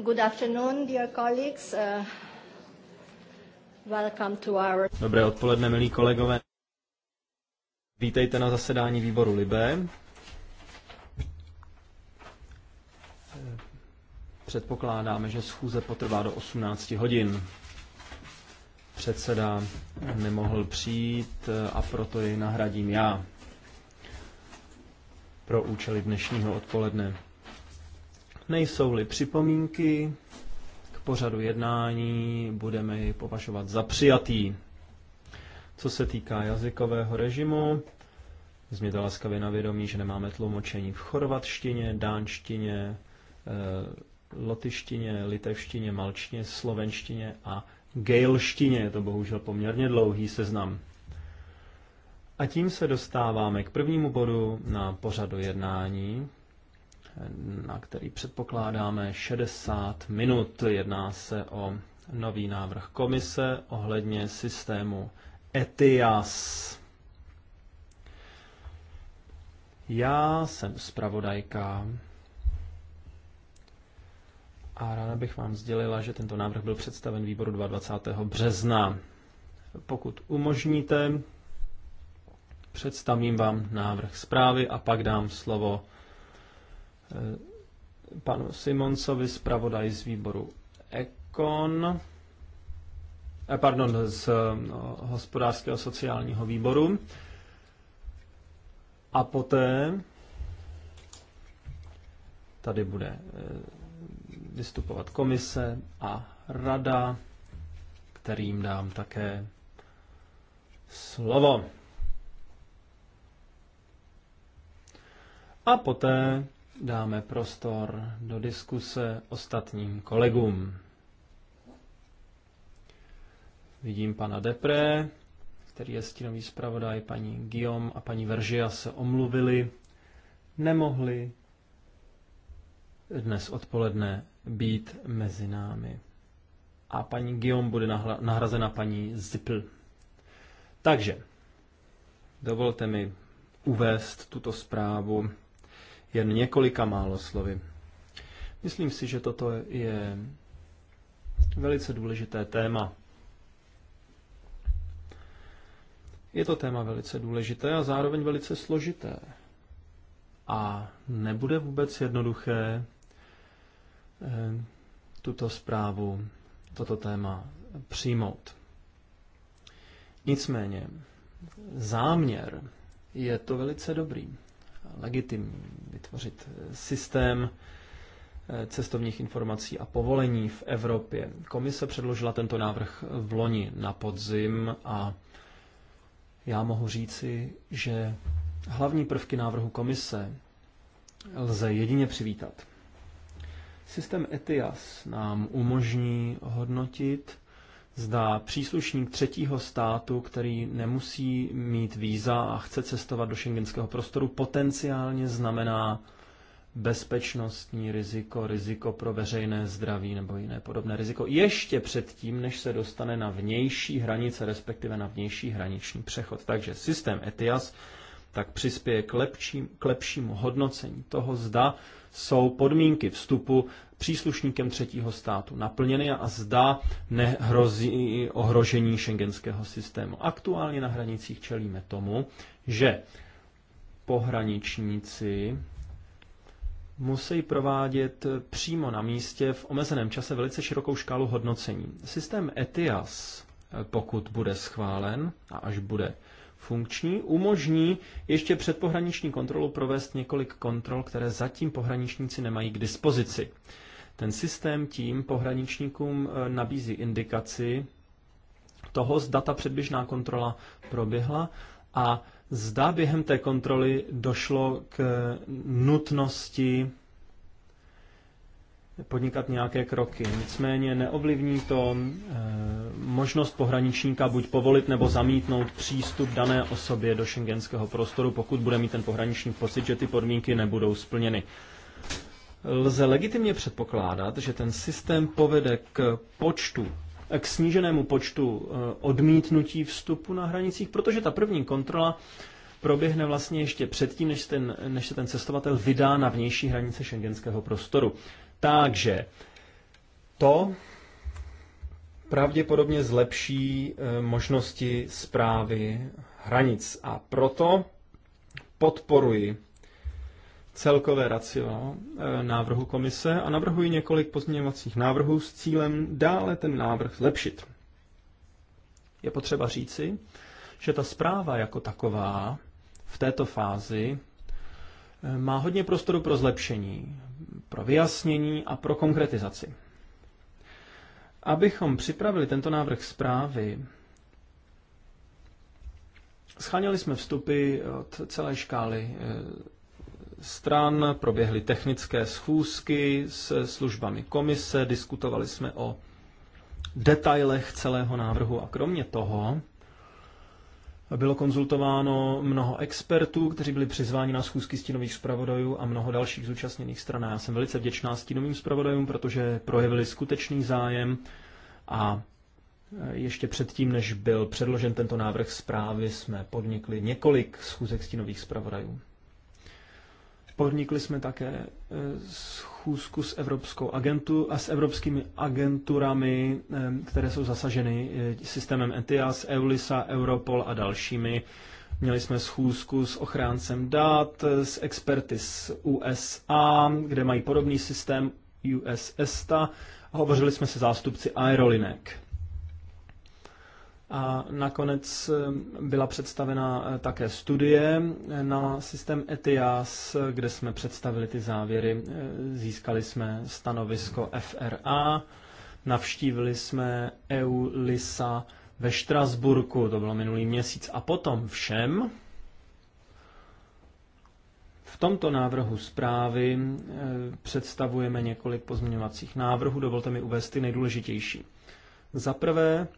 Uh, Dobré odpoledne, milí kolegové. Vítejte na zasedání výboru Libe. Předpokládáme, že schůze potrvá do 18 hodin. Předseda nemohl přijít a proto jej nahradím já pro účely dnešního odpoledne. Nejsou-li připomínky k pořadu jednání, budeme ji považovat za přijatý. Co se týká jazykového režimu, vzměte laskavě na vědomí, že nemáme tlumočení v chorvatštině, dánštině, eh, lotyštině, litevštině, malčtině, slovenštině a gejlštině. Je to bohužel poměrně dlouhý seznam. A tím se dostáváme k prvnímu bodu na pořadu jednání, na který předpokládáme 60 minut. Jedná se o nový návrh komise ohledně systému ETIAS. Já jsem zpravodajka a ráda bych vám sdělila, že tento návrh byl představen výboru 22. března. Pokud umožníte, představím vám návrh zprávy a pak dám slovo Eh, panu Simoncovi, zpravodaj z výboru Ekon, eh, pardon, z eh, hospodářského sociálního výboru. A poté tady bude vystupovat komise a rada, kterým dám také slovo. A poté dáme prostor do diskuse ostatním kolegům. Vidím pana Depré, který je stínový zpravodaj, paní Guillaume a paní Veržia se omluvili, nemohli dnes odpoledne být mezi námi. A paní Guillaume bude nahrazena paní Zipl. Takže, dovolte mi uvést tuto zprávu jen několika málo slovy. Myslím si, že toto je velice důležité téma. Je to téma velice důležité a zároveň velice složité. A nebude vůbec jednoduché eh, tuto zprávu, toto téma přijmout. Nicméně, záměr je to velice dobrý legitimní. Vytvořit eh, systém eh, cestovních informací a povolení v Evropě. Komise předložila tento návrh v loni na podzim a já mohu říci, že hlavní prvky návrhu komise lze jedině přivítat. Systém ETIAS nám umožní hodnotit zda příslušník třetího státu, který nemusí mít víza a chce cestovat do šengenského prostoru, potenciálně znamená bezpečnostní riziko, riziko pro veřejné zdraví nebo jiné podobné riziko, ještě předtím, než se dostane na vnější hranice, respektive na vnější hraniční přechod. Takže systém ETIAS tak přispěje k, lepší, k lepšímu hodnocení toho, zda jsou podmínky vstupu příslušníkem třetího státu naplněny a zda nehrozí ohrožení šengenského systému. Aktuálně na hranicích čelíme tomu, že pohraničníci musí provádět přímo na místě v omezeném čase velice širokou škálu hodnocení. Systém ETIAS, pokud bude schválen a až bude funkční, umožní ještě před pohraniční kontrolu provést několik kontrol, které zatím pohraničníci nemají k dispozici. Ten systém tím pohraničníkům eh, nabízí indikaci toho, zda ta předběžná kontrola proběhla a zda během té kontroly došlo k eh, nutnosti podnikat nějaké kroky. Nicméně neovlivní to e, možnost pohraničníka buď povolit nebo zamítnout přístup dané osobě do šengenského prostoru, pokud bude mít ten pohraničník pocit, že ty podmínky nebudou splněny lze legitimně předpokládat, že ten systém povede k počtu k sníženému počtu eh, odmítnutí vstupu na hranicích, protože ta první kontrola proběhne vlastně ještě předtím, než, ten, než se ten cestovatel vydá na vnější hranice šengenského prostoru. Takže to pravděpodobně zlepší eh, možnosti zprávy hranic a proto podporuji celkové racio eh, návrhu komise a navrhuji několik pozměňovacích návrhů s cílem dále ten návrh zlepšit. Je potřeba říci, že ta zpráva jako taková v této fázi eh, má hodně prostoru pro zlepšení, pro vyjasnění a pro konkretizaci. Abychom připravili tento návrh zprávy, scháněli jsme vstupy od celé škály eh, stran, proběhly technické schůzky s službami komise, diskutovali jsme o detailech celého návrhu a kromě toho bylo konzultováno mnoho expertů, kteří byli přizváni na schůzky stínových zpravodajů a mnoho dalších zúčastněných stran. Já jsem velice vděčná stínovým zpravodajům, protože projevili skutečný zájem a ještě předtím, než byl předložen tento návrh zprávy, jsme podnikli několik schůzek stínových zpravodajů. Podnikli jsme také e, schůzku s Evropskou agentu a s evropskými agenturami, e, které jsou zasaženy e, systémem ETIAS, EULISA, Europol a dalšími. Měli jsme schůzku s ochráncem dat, s experty z USA, kde mají podobný systém USSTA a hovořili jsme se zástupci aerolinek. A nakonec eh, byla představena eh, také studie eh, na systém ETIAS, kde jsme představili ty závěry. Získali jsme stanovisko FRA, navštívili jsme EU LISA ve Štrasburku, to bylo minulý měsíc, a potom všem, v tomto návrhu zprávy představujeme několik pozměňovacích návrhů, dovolte mi uvést ty nejdůležitější. Za prvé,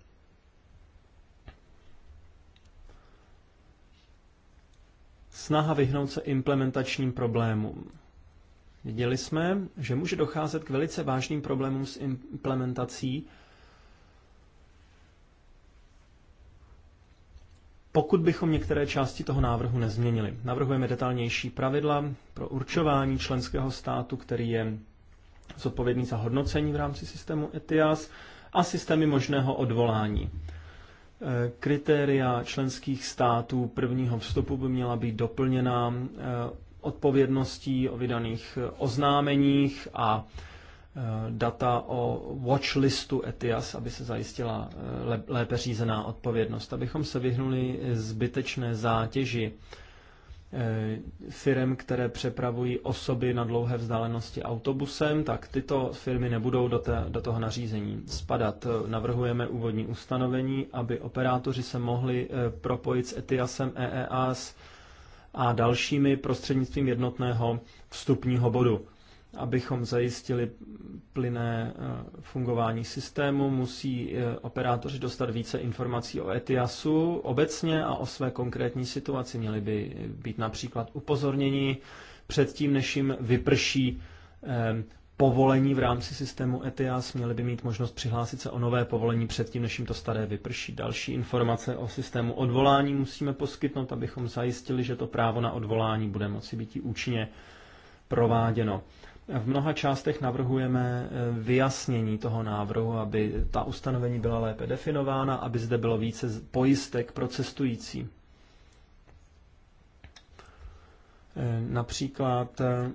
snaha vyhnout se implementačním problémům. Viděli jsme, že může docházet k velice vážným problémům s implementací, pokud bychom některé části toho návrhu nezměnili. Navrhujeme detailnější pravidla pro určování členského státu, který je zodpovědný za hodnocení v rámci systému ETIAS a systémy možného odvolání. Kritéria členských států prvního vstupu by měla být doplněna eh, odpovědností o vydaných eh, oznámeních a eh, data o watchlistu ETIAS, aby se zajistila lépe řízená odpovědnost, abychom se vyhnuli zbytečné zátěži Eh, firm, které přepravují osoby na dlouhé vzdálenosti autobusem, tak tyto firmy nebudou do, té, do toho nařízení spadat. Navrhujeme úvodní ustanovení, aby operátoři se mohli eh, propojit s ETIASem, EEAS a dalšími prostřednictvím jednotného vstupního bodu abychom zajistili plyné eh, fungování systému, musí eh, operátoři dostat více informací o ETIASu obecně a o své konkrétní situaci. Měli by být například upozorněni předtím, než jim vyprší eh, povolení v rámci systému ETIAS, měli by mít možnost přihlásit se o nové povolení předtím, než jim to staré vyprší. Další informace o systému odvolání musíme poskytnout, abychom zajistili, že to právo na odvolání bude moci být účinně prováděno. V mnoha částech navrhujeme eh, vyjasnění toho návrhu, aby ta ustanovení byla lépe definována, aby zde bylo více pojistek pro cestující. Eh, například eh,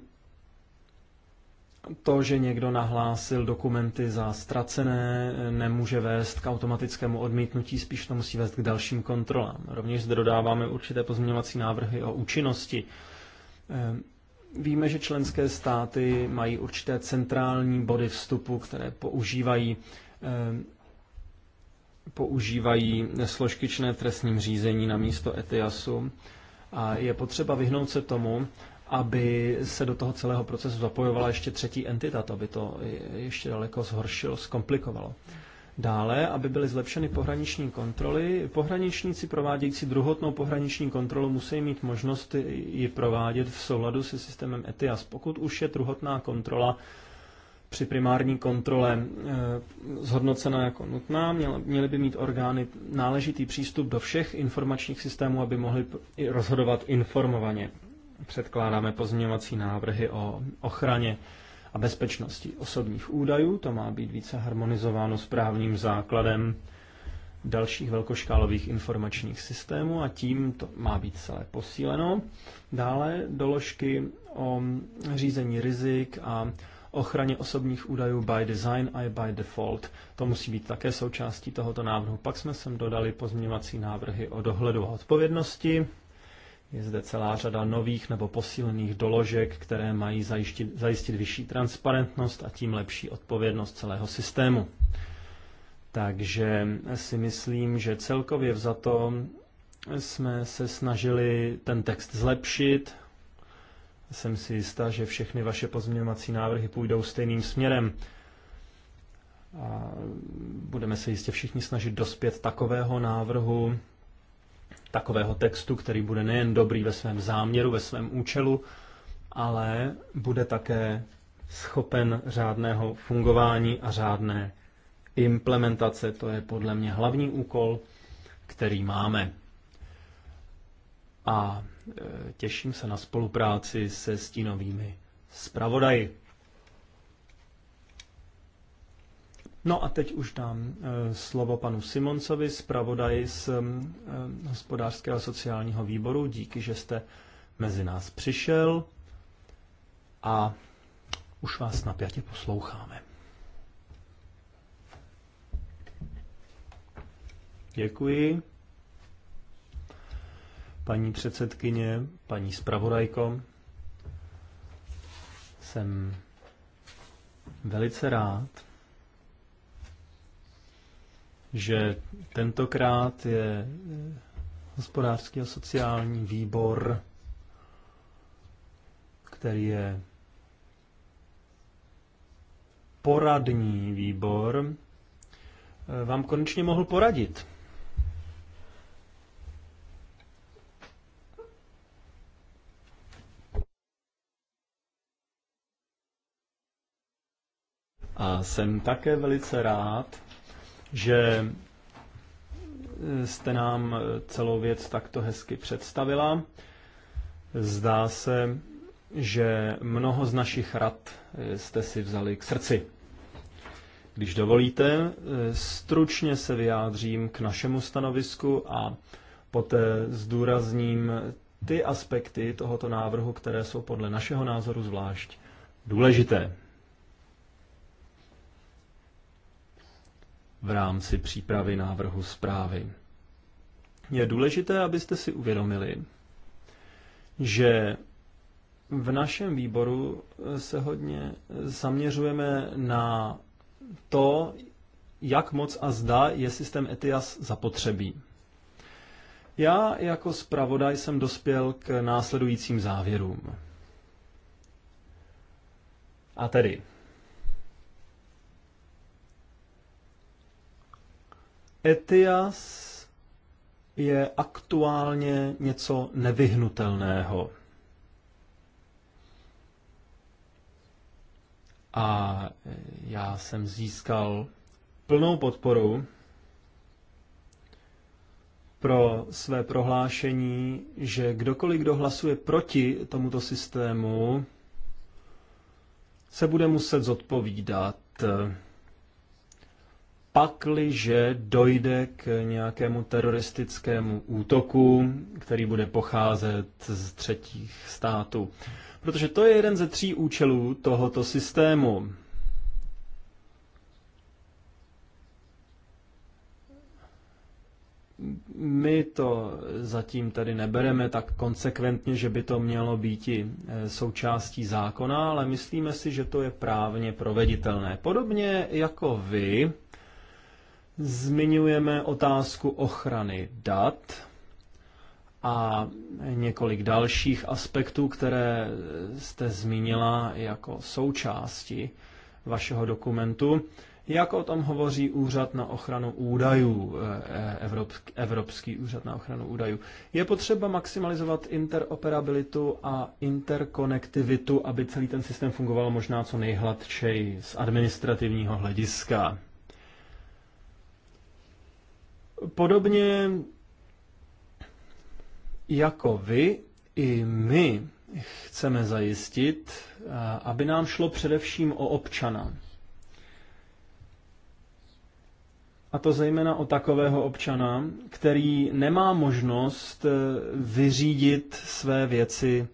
to, že někdo nahlásil dokumenty za ztracené, nemůže vést k automatickému odmítnutí, spíš to musí vést k dalším kontrolám. Rovněž zde dodáváme určité pozměňovací návrhy o účinnosti Víme, že členské státy mají určité centrální body vstupu, které používají eh, používají složky čné v trestním řízení na místo ETIASu a je potřeba vyhnout se tomu, aby se do toho celého procesu zapojovala ještě třetí entita, to by to ještě daleko zhoršilo, zkomplikovalo. Dále, aby byly zlepšeny pohraniční kontroly, pohraničníci provádějící druhotnou pohraniční kontrolu musí mít možnost ji provádět v souladu se systémem ETIAS. Pokud už je druhotná kontrola při primární kontrole eh, zhodnocena jako nutná. Měly by mít orgány náležitý přístup do všech informačních systémů, aby mohly rozhodovat informovaně. Předkládáme pozměňovací návrhy o ochraně a bezpečnosti osobních údajů. To má být více harmonizováno s právním základem dalších velkoškálových informačních systémů a tím to má být celé posíleno. Dále doložky o řízení rizik a ochraně osobních údajů by design a by default. To musí být také součástí tohoto návrhu. Pak jsme sem dodali pozměňovací návrhy o dohledu a odpovědnosti je zde celá řada nových nebo posílených doložek, které mají zajistit, zajistit vyšší transparentnost a tím lepší odpovědnost celého systému. Takže si myslím, že celkově vzato jsme se snažili ten text zlepšit. Jsem si jistá, že všechny vaše pozměňovací návrhy půjdou stejným směrem. A budeme se jistě všichni snažit dospět takového návrhu, takového textu, který bude nejen dobrý ve svém záměru, ve svém účelu, ale bude také schopen řádného fungování a řádné implementace. To je podle mě hlavní úkol, který máme. A e, těším se na spolupráci se stínovými zpravodaji. No a teď už dám eh, slovo panu Simoncovi, zpravodaji z eh, hospodářského sociálního výboru. Díky, že jste mezi nás přišel a už vás napjatě posloucháme. Děkuji. Paní předsedkyně, paní zpravodajko, jsem velice rád, že tentokrát je eh, hospodářský a sociální výbor, který je poradní výbor, eh, vám konečně mohl poradit. A jsem také velice rád, že eh, jste nám eh, celou věc takto hezky představila. Zdá se, že mnoho z našich rad eh, jste si vzali k srdci. Když dovolíte, stručně se vyjádřím k našemu stanovisku a poté zdůrazním ty aspekty tohoto návrhu, které jsou podle našeho názoru zvlášť důležité. v rámci přípravy návrhu zprávy. Je důležité, abyste si uvědomili, že v našem výboru se hodně zaměřujeme na to, jak moc a zda je systém ETIAS zapotřebí. Já jako zpravodaj jsem dospěl k následujícím závěrům. A tedy, ETIAS je aktuálně něco nevyhnutelného. A já jsem získal plnou podporu pro své prohlášení, že kdokoliv, kdo hlasuje proti tomuto systému, se bude muset zodpovídat pakliže dojde k nějakému teroristickému útoku, který bude pocházet z třetích států. Protože to je jeden ze tří účelů tohoto systému. My to zatím tady nebereme tak konsekventně, že by to mělo být i e, součástí zákona, ale myslíme si, že to je právně proveditelné. Podobně jako vy, zmiňujeme otázku ochrany dat a několik dalších aspektů, které jste zmínila jako součásti vašeho dokumentu. Jak o tom hovoří Úřad na ochranu údajů, eh, Evropský, Evropský úřad na ochranu údajů? Je potřeba maximalizovat interoperabilitu a interkonektivitu, aby celý ten systém fungoval možná co nejhladčej z administrativního hlediska. Podobně jako vy, i my chceme zajistit, aby nám šlo především o občana. A to zejména o takového občana, který nemá možnost e, vyřídit své věci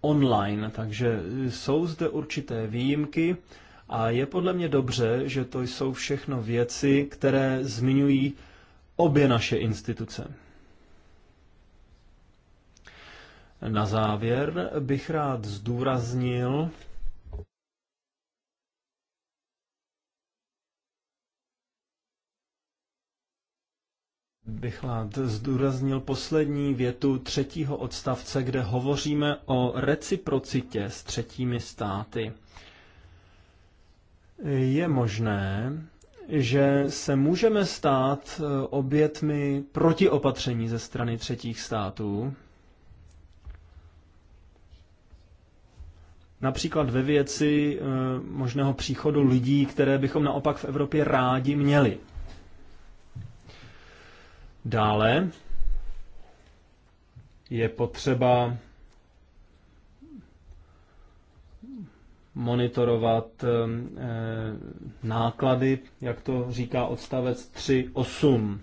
online. Takže jsou zde určité výjimky a je podle mě dobře, že to jsou všechno věci, které zmiňují obě naše instituce. Na závěr bych rád zdůraznil, bych rád zdůraznil poslední větu třetího odstavce, kde hovoříme o reciprocitě s třetími státy. Je možné, že se můžeme stát eh, obětmi protiopatření ze strany třetích států, například ve věci eh, možného příchodu lidí, které bychom naopak v Evropě rádi měli. Dále je potřeba monitorovat ehm, eh, náklady, jak to říká odstavec 3.8,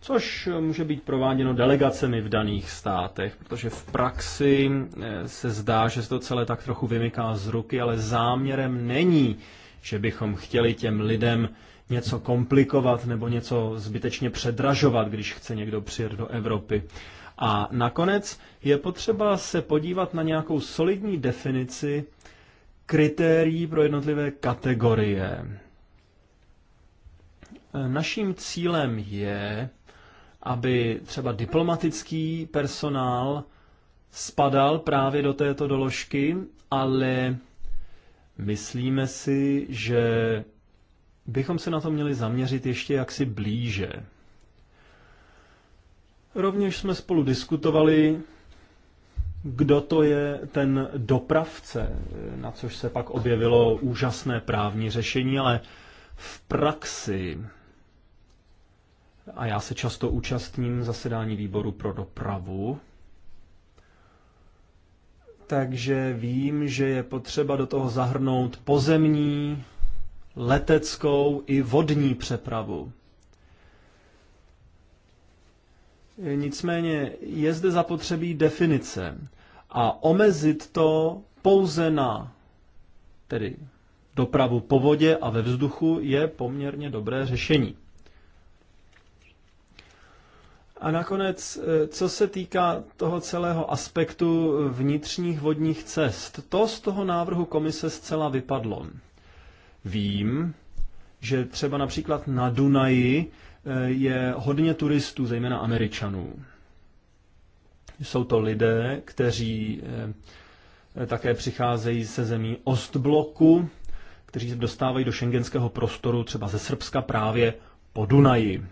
což může být prováděno delegacemi v daných státech, protože v praxi eh, se zdá, že se to celé tak trochu vymyká z ruky, ale záměrem není, že bychom chtěli těm lidem něco komplikovat nebo něco zbytečně předražovat, když chce někdo přijet do Evropy. A nakonec je potřeba se podívat na nějakou solidní definici kritérií pro jednotlivé kategorie. Naším cílem je, aby třeba diplomatický personál spadal právě do této doložky, ale myslíme si, že bychom se na to měli zaměřit ještě jaksi blíže. Rovněž jsme spolu diskutovali kdo to je ten dopravce, na což se pak objevilo úžasné právní řešení, ale v praxi, a já se často účastním zasedání výboru pro dopravu, takže vím, že je potřeba do toho zahrnout pozemní, leteckou i vodní přepravu. Nicméně je zde zapotřebí definice a omezit to pouze na tedy dopravu po vodě a ve vzduchu je poměrně dobré řešení. A nakonec, eh, co se týká toho celého aspektu vnitřních vodních cest, to z toho návrhu komise zcela vypadlo. Vím, že třeba například na Dunaji eh, je hodně turistů, zejména Američanů. Jsou to lidé, kteří eh, také přicházejí ze zemí Ostbloku, kteří se dostávají do šengenského prostoru třeba ze Srbska právě po Dunaji.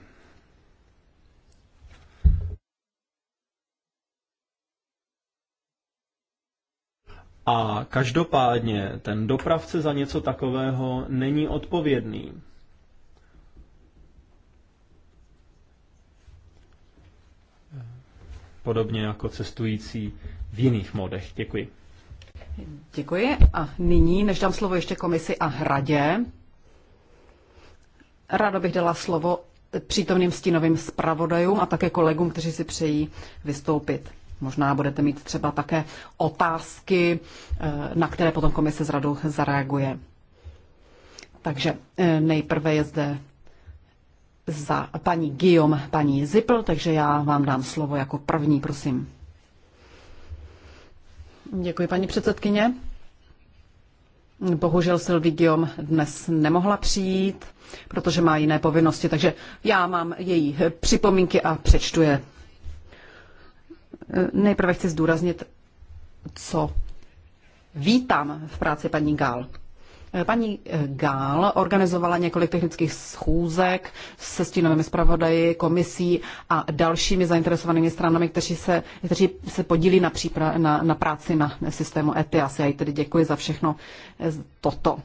A každopádně ten dopravce za něco takového není odpovědný. podobně jako cestující v jiných modech. Děkuji. Děkuji. A nyní, než dám slovo ještě komisi a hradě, ráda bych dala slovo přítomným stínovým zpravodajům a také kolegům, kteří si přejí vystoupit. Možná budete mít třeba také otázky, eh, na které potom komise s radou zareaguje. Takže eh, nejprve je zde za paní Guillaume, paní Zipl, takže já vám dám slovo jako první, prosím. Děkuji, paní předsedkyně. Bohužel Sylvie Guillaume dnes nemohla přijít, protože má jiné povinnosti, takže já mám její připomínky a přečtu je. Nejprve chci zdůraznit, co vítám v práci paní Gál. Eh, paní eh, Gál organizovala několik technických schůzek se stínovými zpravodaji, komisí a dalšími zainteresovanými stranami, kteří se, kteří se podílí na, přípra- na, na práci na systému ETIAS. Já jí tedy děkuji za všechno eh, toto.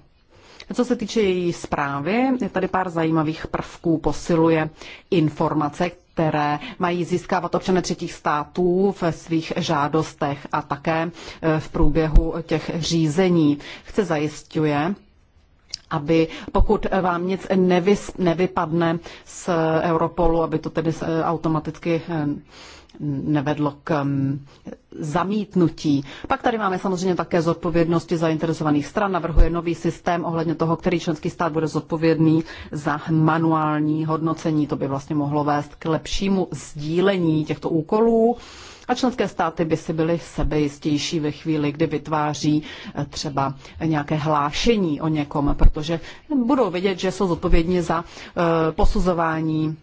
Co se týče její zprávy, je tady pár zajímavých prvků, posiluje informace, které mají získávat občané třetích států v svých žádostech a také e, v průběhu těch řízení. Chce zajistuje, aby pokud vám nic nevypadne z Europolu, aby to tedy e, automaticky e, nevedlo k um, zamítnutí. Pak tady máme samozřejmě také zodpovědnosti zainteresovaných stran. Navrhuje nový systém ohledně toho, který členský stát bude zodpovědný za manuální hodnocení. To by vlastně mohlo vést k lepšímu sdílení těchto úkolů. A členské státy by si byly sebejistější ve chvíli, kdy vytváří eh, třeba nějaké hlášení o někom, protože budou vědět, že jsou zodpovědní za eh, posuzování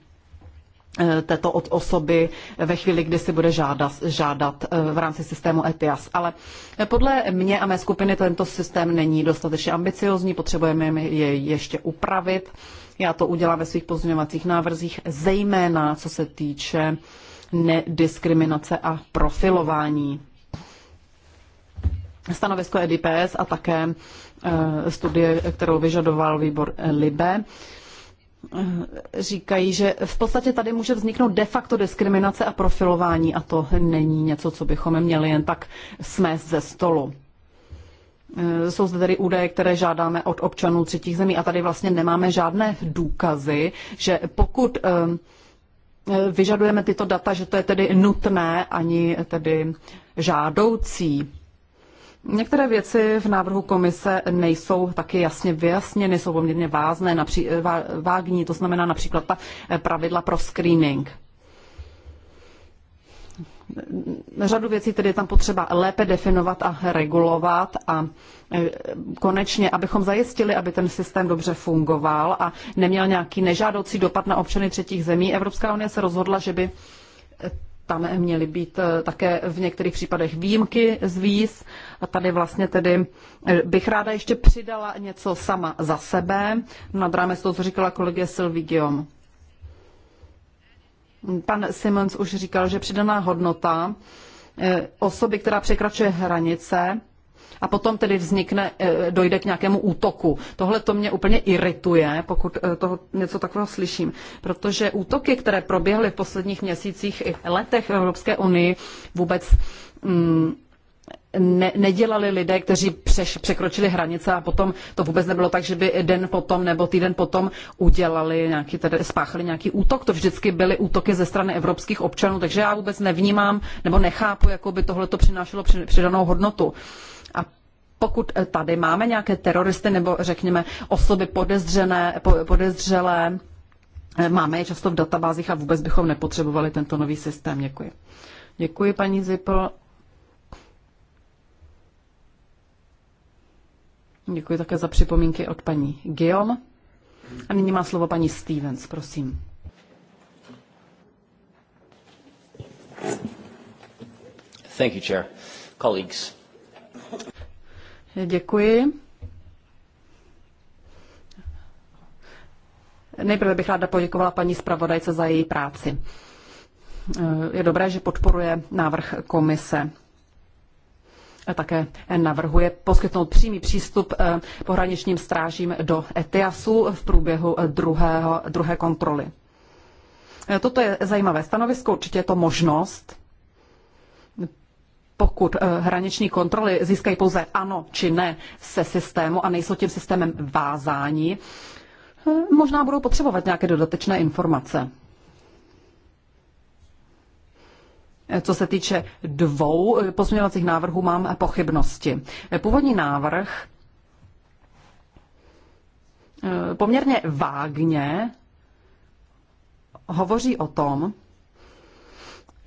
Eh, této od osoby ve chvíli, kdy si bude žádat, žádat eh, v rámci systému ETIAS. Ale eh, podle mě a mé skupiny tento systém není dostatečně ambiciozní, potřebujeme jej ještě upravit. Já to udělám ve svých pozměňovacích návrzích, zejména co se týče nediskriminace a profilování. Stanovisko EDPS a také studie, kterou vyžadoval výbor LIBE, Eh, říkají, že v podstatě tady může vzniknout de facto diskriminace a profilování a to není něco, co bychom měli jen tak smést ze stolu. Eh, jsou zde tedy údaje, které žádáme od občanů třetích zemí a tady vlastně nemáme žádné důkazy, že pokud eh, vyžadujeme tyto data, že to je tedy nutné ani tedy žádoucí. Některé věci v návrhu komise nejsou taky jasně vyjasněny, jsou poměrně vázné, napří, vá, vágní, to znamená například ta eh, pravidla pro screening. Řadu věcí tedy je tam potřeba lépe definovat a regulovat a eh, konečně, abychom zajistili, aby ten systém dobře fungoval a neměl nějaký nežádoucí dopad na občany třetích zemí, Evropská unie se rozhodla, že by tam měly být eh, také v některých případech výjimky z víz. A tady vlastně tedy eh, bych ráda ještě přidala něco sama za sebe, dráme z toho, co říkala kolegie Sylvie Guillaume. Pan Simons už říkal, že přidaná hodnota eh, osoby, která překračuje hranice, a potom tedy vznikne, eh, dojde k nějakému útoku. Tohle to mě úplně irituje, pokud eh, toho, něco takového slyším, protože útoky, které proběhly v posledních měsících i letech v Evropské unii, vůbec mm, ne, nedělali lidé, kteří přeš, překročili hranice a potom to vůbec nebylo tak, že by den potom nebo týden potom udělali nějaký, tedy spáchali nějaký útok. To vždycky byly útoky ze strany evropských občanů, takže já vůbec nevnímám nebo nechápu, jako by tohle to přinášelo přidanou hodnotu. Uh, pokud eh, tady máme nějaké teroristy nebo řekněme osoby podezřené, podezřelé, eh, máme je často v databázích a vůbec bychom nepotřebovali tento nový systém. Děkuji. Děkuji, paní Zipl. Děkuji také za připomínky od paní Guillaume. A nyní má slovo paní Stevens, prosím. Thank you, Chair. Colleagues. Děkuji. Nejprve bych ráda poděkovala paní zpravodajce za její práci. Je dobré, že podporuje návrh komise. A také navrhuje poskytnout přímý přístup eh, pohraničním strážím do ETIASu v průběhu eh, druhého, druhé kontroly. Eh, toto je zajímavé stanovisko, určitě je to možnost, pokud eh, hraniční kontroly získají pouze ano či ne se systému a nejsou tím systémem vázání, eh, možná budou potřebovat nějaké dodatečné informace. Eh, co se týče dvou pozměňovacích návrhů, mám pochybnosti. Původní návrh poměrně vágně hovoří o tom,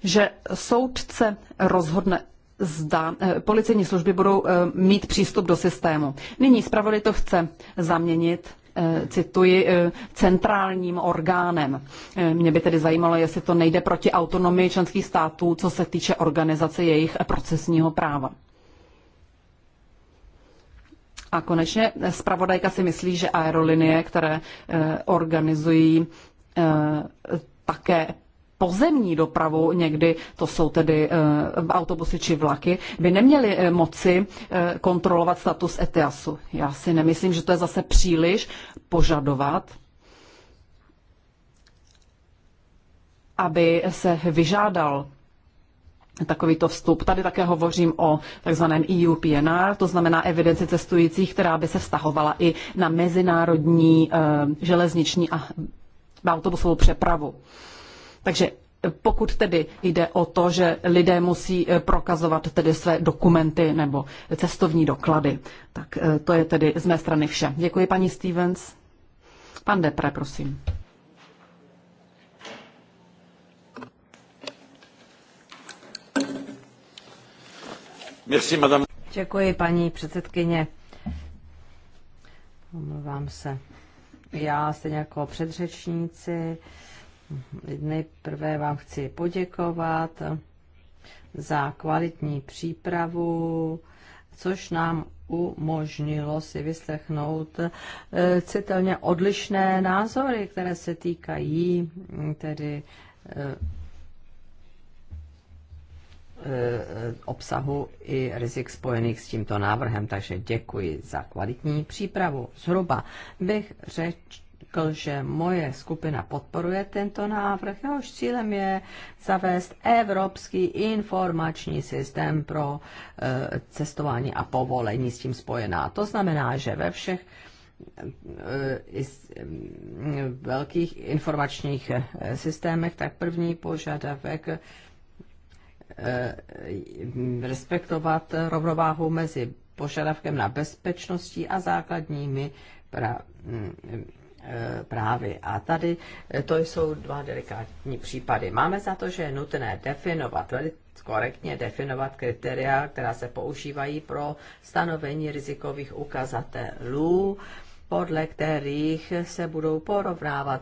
že soudce rozhodne zda eh, policejní služby budou eh, mít přístup do systému. Nyní zpravodaj to chce zaměnit eh, cituji, centrálním orgánem. Mě by tedy zajímalo, jestli to nejde proti autonomii členských států, co se týče organizace jejich procesního práva. A konečně zpravodajka si myslí, že aerolinie, které organizují také pozemní dopravu, někdy to jsou tedy eh, autobusy či vlaky, by neměly eh, moci eh, kontrolovat status ETIASu. Já si nemyslím, že to je zase příliš požadovat, aby se vyžádal takovýto vstup. Tady také hovořím o takzvaném EU PNR, to znamená evidenci cestujících, která by se vztahovala i na mezinárodní železniční a autobusovou přepravu. Takže pokud tedy jde o to, že lidé musí eh, prokazovat tedy své dokumenty nebo cestovní doklady, tak eh, to je tedy z mé strany vše. Děkuji paní Stevens. Pan Depre, prosím. Merci, madame. Děkuji, paní předsedkyně. Omlouvám se. Já stejně jako předřečníci Nejprve vám chci poděkovat za kvalitní přípravu, což nám umožnilo si vyslechnout eh, citelně odlišné názory, které se týkají mm, tedy eh, eh, obsahu i rizik spojených s tímto návrhem, takže děkuji za kvalitní přípravu. Zhruba bych řekl řekl, že moje skupina podporuje tento návrh. Jehož cílem je zavést evropský informační systém pro eh, cestování a povolení s tím spojená. To znamená, že ve všech eh, mm, velkých informačních eh, systémech, tak první požadavek respektovat rovnováhu mezi požadavkem na bezpečnosti a základními pra, mm, E, právy. A tady e, to jsou dva delikátní případy. Máme za to, že je nutné definovat, velice korektně definovat kritéria, která se používají pro stanovení rizikových ukazatelů, podle kterých se budou porovnávat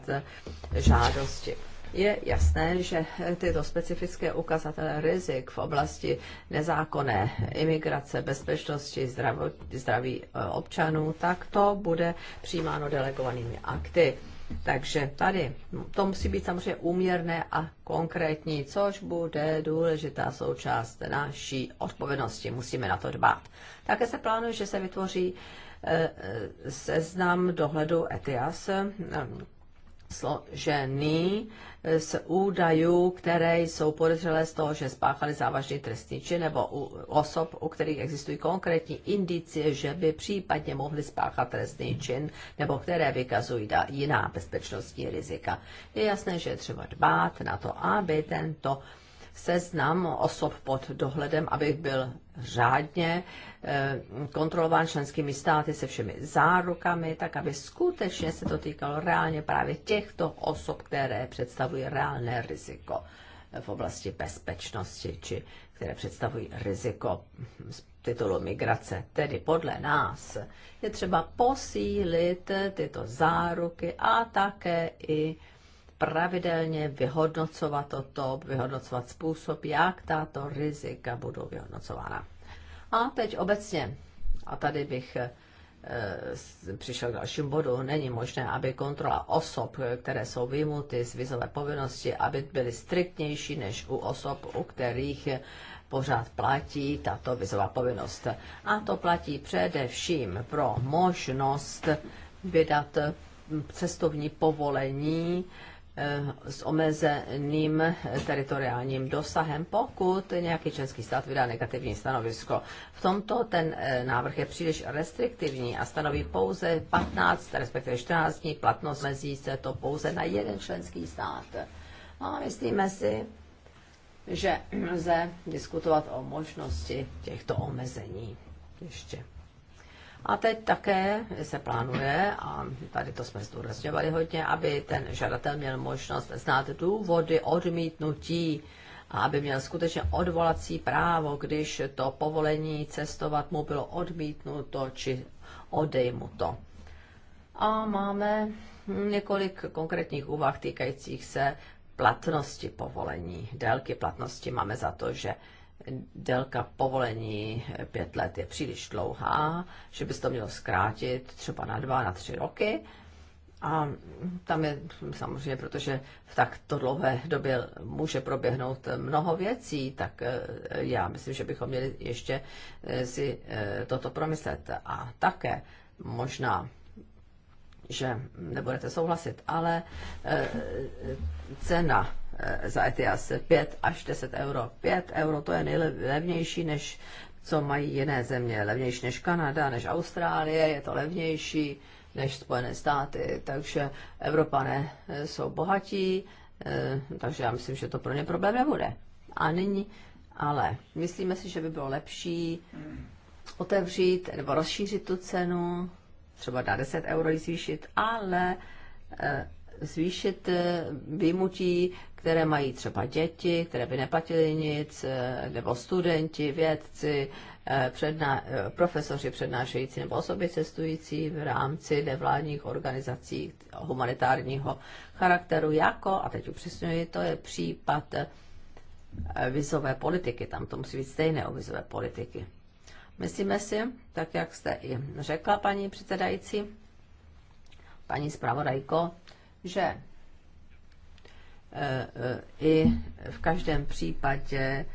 žádosti je jasné, že tyto specifické ukazatele rizik v oblasti nezákonné imigrace, bezpečnosti, zdraví, zdraví eh, občanů, tak to bude přijímáno delegovanými akty. Takže tady no, to musí být samozřejmě úměrné a konkrétní, což bude důležitá součást naší odpovědnosti. Musíme na to dbát. Také se plánuje, že se vytvoří eh, eh, seznam dohledu ETIAS složený z údajů, které jsou podezřelé z toho, že spáchali závažný trestný čin nebo u osob, u kterých existují konkrétní indicie, že by případně mohli spáchat trestný čin nebo které vykazují jiná bezpečnostní rizika. Je jasné, že je třeba dbát na to, aby tento seznam osob pod dohledem, aby byl řádně eh, kontrolován členskými státy se všemi zárukami, tak aby skutečně se to týkalo reálně právě těchto osob, které představují reálné riziko v oblasti bezpečnosti, či které představují riziko z titulu migrace. Tedy podle nás je třeba posílit tyto záruky a také i pravidelně vyhodnocovat toto, vyhodnocovat způsob, jak tato rizika budou vyhodnocována. A teď obecně, a tady bych eh, přišel k dalším bodu, není možné, aby kontrola osob, které jsou vymuty z vizové povinnosti, aby byly striktnější než u osob, u kterých pořád platí tato vizová povinnost. A to platí především pro možnost vydat cestovní povolení Eh, s omezeným teritoriálním dosahem, pokud nějaký členský stát vydá negativní stanovisko. V tomto ten eh, návrh je příliš restriktivní a stanoví pouze 15, respektive 14 dní platnost, mezí se to pouze na jeden členský stát. A myslíme si, že lze diskutovat o možnosti těchto omezení ještě. A teď také se plánuje, a tady to jsme zdůrazňovali hodně, aby ten žadatel měl možnost znát důvody odmítnutí a aby měl skutečně odvolací právo, když to povolení cestovat mu bylo odmítnuto či odejmuto. A máme několik konkrétních úvah týkajících se platnosti povolení, délky platnosti. Máme za to, že délka povolení eh, pět let je příliš dlouhá, že bys to mělo zkrátit třeba na dva, na tři roky. A tam je samozřejmě, protože v takto dlouhé době může proběhnout mnoho věcí, tak eh, já myslím, že bychom měli ještě eh, si toto promyslet. A také možná, že nebudete souhlasit, ale cena Eh, za ETIAS 5 až 10 euro. 5 euro to je nejlevnější, než co mají jiné země. Levnější než Kanada, než Austrálie, je to levnější než Spojené státy. Takže Evropané eh, jsou bohatí, eh, takže já myslím, že to pro ně problém nebude. A nyní, ale myslíme si, že by bylo lepší otevřít nebo rozšířit tu cenu, třeba na 10 euro ji zvýšit, ale zvýšit výjimutí které mají třeba děti, které by neplatili nic, eh, nebo studenti, vědci, eh, předná, eh, profesoři přednášející nebo osoby cestující v rámci nevládních organizací humanitárního charakteru, jako, a teď upřesňuji, to je případ vizové politiky, tam to musí být stejné o vizové politiky. Myslíme si, tak jak jste i řekla, paní předsedající, paní zpravodajko, že i v každém případě,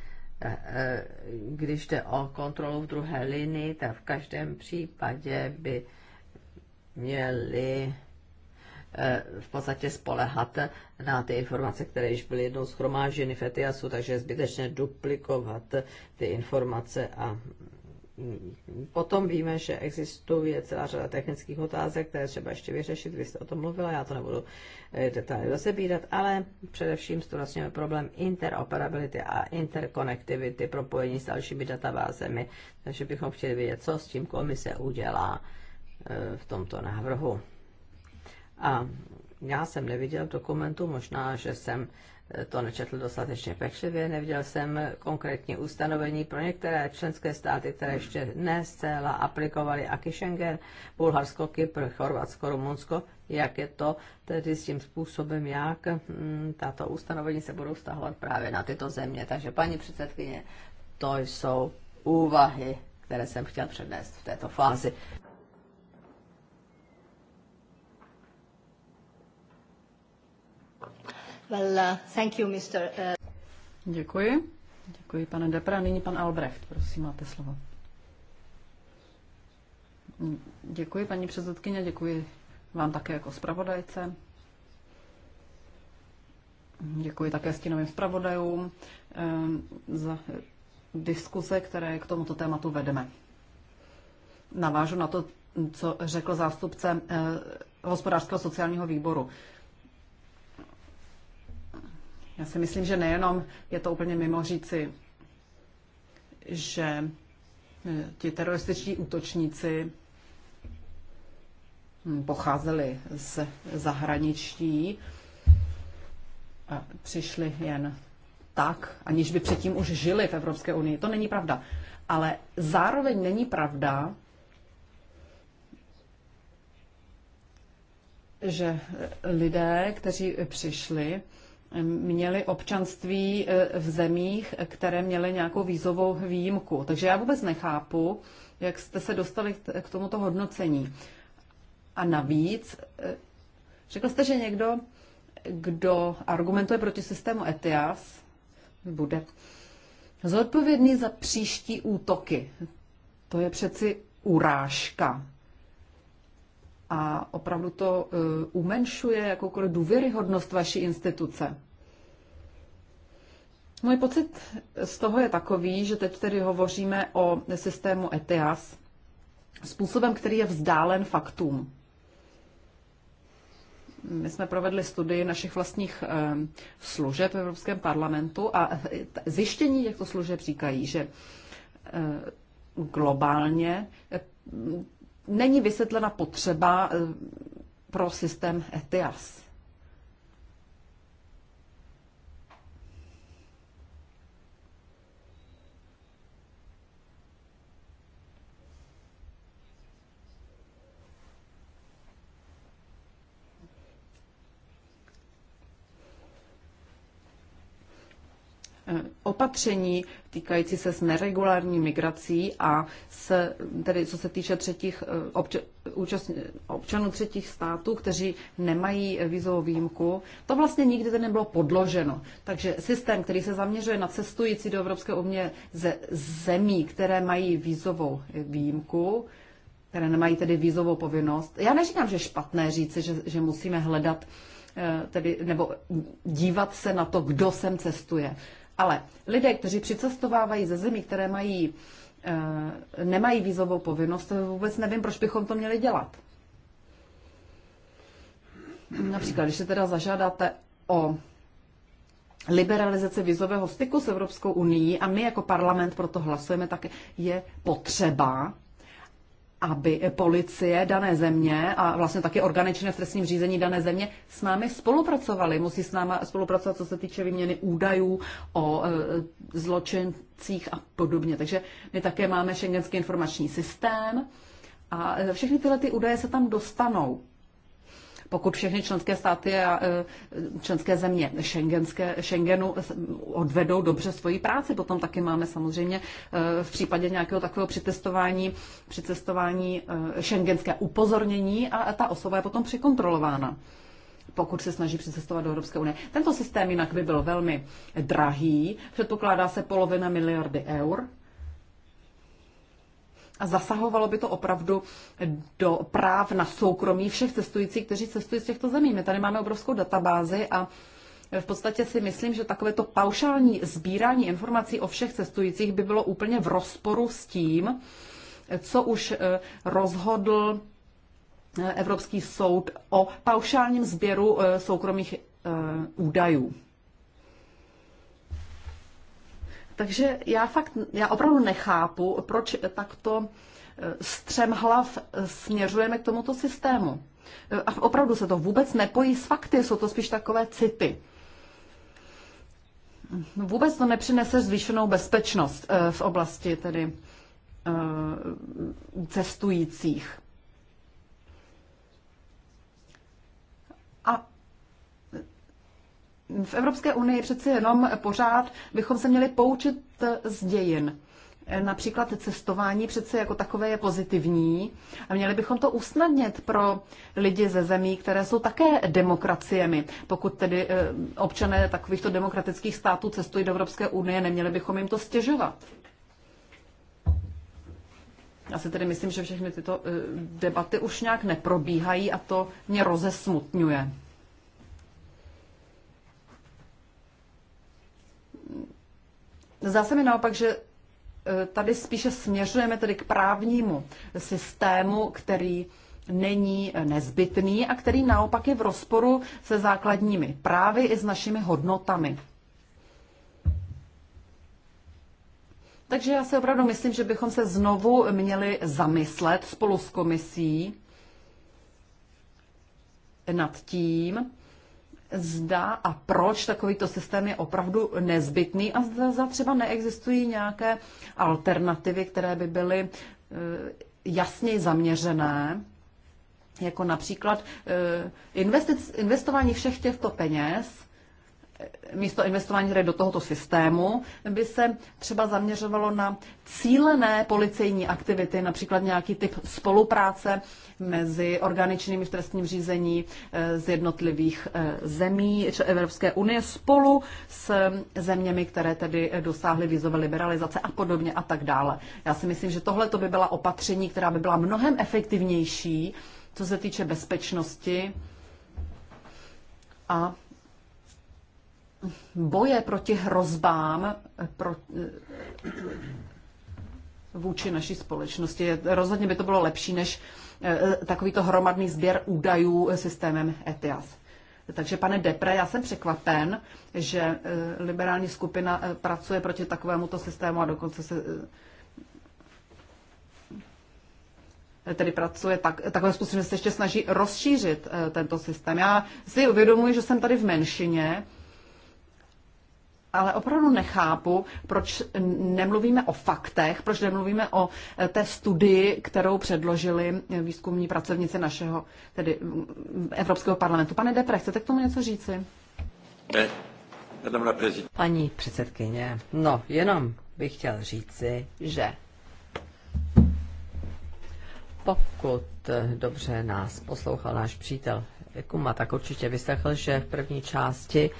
když jde o kontrolu v druhé linii, tak v každém případě by měli eh, v podstatě spolehat na ty informace, které již byly jednou schromáženy v ETIASu, takže je zbytečné duplikovat ty informace a Potom víme, že existuje celá řada technických otázek, které třeba ještě vyřešit. Vy jste o tom mluvila, já to nebudu eh, detailně rozebírat, ale především zdůrazňujeme problém interoperability a interkonektivity, propojení s dalšími databázemi. Takže bychom chtěli vědět, co s tím komise udělá eh, v tomto návrhu. A já jsem neviděl dokumentu, možná, že jsem to nečetl dostatečně pečlivě, neviděl jsem konkrétní ustanovení pro některé členské státy, které ještě ne zcela aplikovaly AKI Schengen, Bulharsko, Kypr, Chorvatsko, Rumunsko, jak je to tedy s tím způsobem, jak mm, tato ustanovení se budou stahovat právě na tyto země. Takže paní předsedkyně, to jsou úvahy, které jsem chtěl přednést v této fázi. Well, uh, thank you, Mr. Uh, děkuji. Děkuji, pane Depra. Nyní pan Albrecht, prosím, máte slovo. Děkuji, paní předsedkyně, děkuji vám také jako zpravodajce. Děkuji také stínovým zpravodajům eh, za diskuze, které k tomuto tématu vedeme. Navážu na to, co řekl zástupce eh, hospodářského sociálního výboru. Já si myslím, že nejenom je to úplně mimo říci, že eh, ti terorističní útočníci hm, pocházeli z zahraničí a přišli jen tak, aniž by předtím už žili v Evropské unii. To není pravda. Ale zároveň není pravda, že eh, lidé, kteří přišli, měli občanství e, v zemích, které měly nějakou vízovou výjimku. Takže já vůbec nechápu, jak jste se dostali k tomuto hodnocení. A navíc, e, řekl jste, že někdo, kdo argumentuje proti systému ETIAS, bude zodpovědný za příští útoky. To je přeci urážka a opravdu to eh, umenšuje jakoukoliv důvěryhodnost vaší instituce. Můj pocit z toho je takový, že teď tedy hovoříme o systému ETIAS způsobem, který je vzdálen faktům. My jsme provedli studii našich vlastních eh, služeb v Evropském parlamentu a zjištění těchto služeb říkají, že eh, globálně není vysvětlena potřeba eh, pro systém ETIAS. Eh, opatření týkající se s neregulární migrací a s, tedy co se týče třetích eh, obč, účast, občanů třetích států, kteří nemají vízovou výjimku, to vlastně nikdy to nebylo podloženo. Takže systém, který se zaměřuje na cestující do Evropské unie ze zemí, které mají vízovou výjimku, které nemají tedy vízovou povinnost. Já neříkám, že špatné říci, že, že musíme hledat eh, tedy, nebo dívat se na to, kdo sem cestuje. Ale lidé, kteří přicestovávají ze zemí, které mají, eh, nemají vízovou povinnost, eh, vůbec nevím, proč bychom to měli dělat. Například, když se teda zažádáte o liberalizace vizového styku s Evropskou unii a my jako parlament proto hlasujeme, tak je potřeba aby policie dané země a vlastně taky orgány činné v trestním řízení dané země s námi spolupracovali. Musí s námi spolupracovat, co se týče výměny údajů o e, zločincích a podobně. Takže my také máme šengenský informační systém a e, všechny tyhle ty údaje se tam dostanou pokud všechny členské státy a e, členské země Schengenské Schengenu odvedou dobře svoji práci, potom taky máme samozřejmě e, v případě nějakého takového přitestování, přitestování e, šengenské upozornění a ta osoba je potom překontrolována pokud se snaží přicestovat do Evropské unie. Tento systém jinak by byl velmi drahý, předpokládá se polovina miliardy eur, a zasahovalo by to opravdu do práv na soukromí všech cestujících, kteří cestují z těchto zemí. My tady máme obrovskou databázi a v podstatě si myslím, že takovéto paušální sbírání informací o všech cestujících by bylo úplně v rozporu s tím, co už eh, rozhodl eh, Evropský soud o paušálním sběru eh, soukromých údajů. Takže já fakt, já opravdu nechápu, proč takto e, střem hlav e, směřujeme k tomuto systému. E, a opravdu se to vůbec nepojí s fakty, jsou to spíš takové city. No, vůbec to nepřinese zvýšenou bezpečnost v oblasti tedy cestujících. v Evropské unii přeci jenom pořád bychom se měli poučit z dějin. Například cestování přece jako takové je pozitivní a měli bychom to usnadnit pro lidi ze zemí, které jsou také demokraciemi. Pokud tedy eh, občané takovýchto demokratických států cestují do Evropské unie, neměli bychom jim to stěžovat. Já si tedy myslím, že všechny tyto eh, debaty už nějak neprobíhají a to mě rozesmutňuje. Zdá se mi naopak, že e, tady spíše směřujeme tedy k právnímu systému, který není e, nezbytný a který naopak je v rozporu se základními právy i s našimi hodnotami. Takže já si opravdu myslím, že bychom se znovu měli zamyslet spolu s komisí nad tím, zda a proč takovýto systém je opravdu nezbytný a zda třeba neexistují nějaké alternativy, které by byly eh, jasně zaměřené, jako například eh, investování všech těchto peněz místo investování tady do tohoto systému by se třeba zaměřovalo na cílené policejní aktivity, například nějaký typ spolupráce mezi organičnými v trestním řízení eh, z jednotlivých eh, zemí Evropské unie spolu s eh, zeměmi, které tedy dosáhly vízové liberalizace a podobně a tak dále. Já si myslím, že tohle to by byla opatření, která by byla mnohem efektivnější, co se týče bezpečnosti a boje proti hrozbám pro, eh, vůči naší společnosti. Rozhodně by to bylo lepší než eh, takovýto hromadný sběr údajů systémem ETIAS. Takže pane Depre, já jsem překvapen, že eh, liberální skupina pracuje proti takovémuto systému a dokonce se tedy pracuje tak, takovým způsobem, že se ještě snaží rozšířit tento systém. Já si uvědomuji, že jsem tady v menšině, ale opravdu nechápu, proč nemluvíme o faktech, proč nemluvíme o eh, té studii, kterou předložili eh, výzkumní pracovnice našeho, tedy mm, Evropského parlamentu. Pane Depre, chcete k tomu něco říci? Ne. Paní předsedkyně, no jenom bych chtěl říci, že pokud eh, dobře nás poslouchal náš přítel Kuma, tak určitě vyslechl, že v první části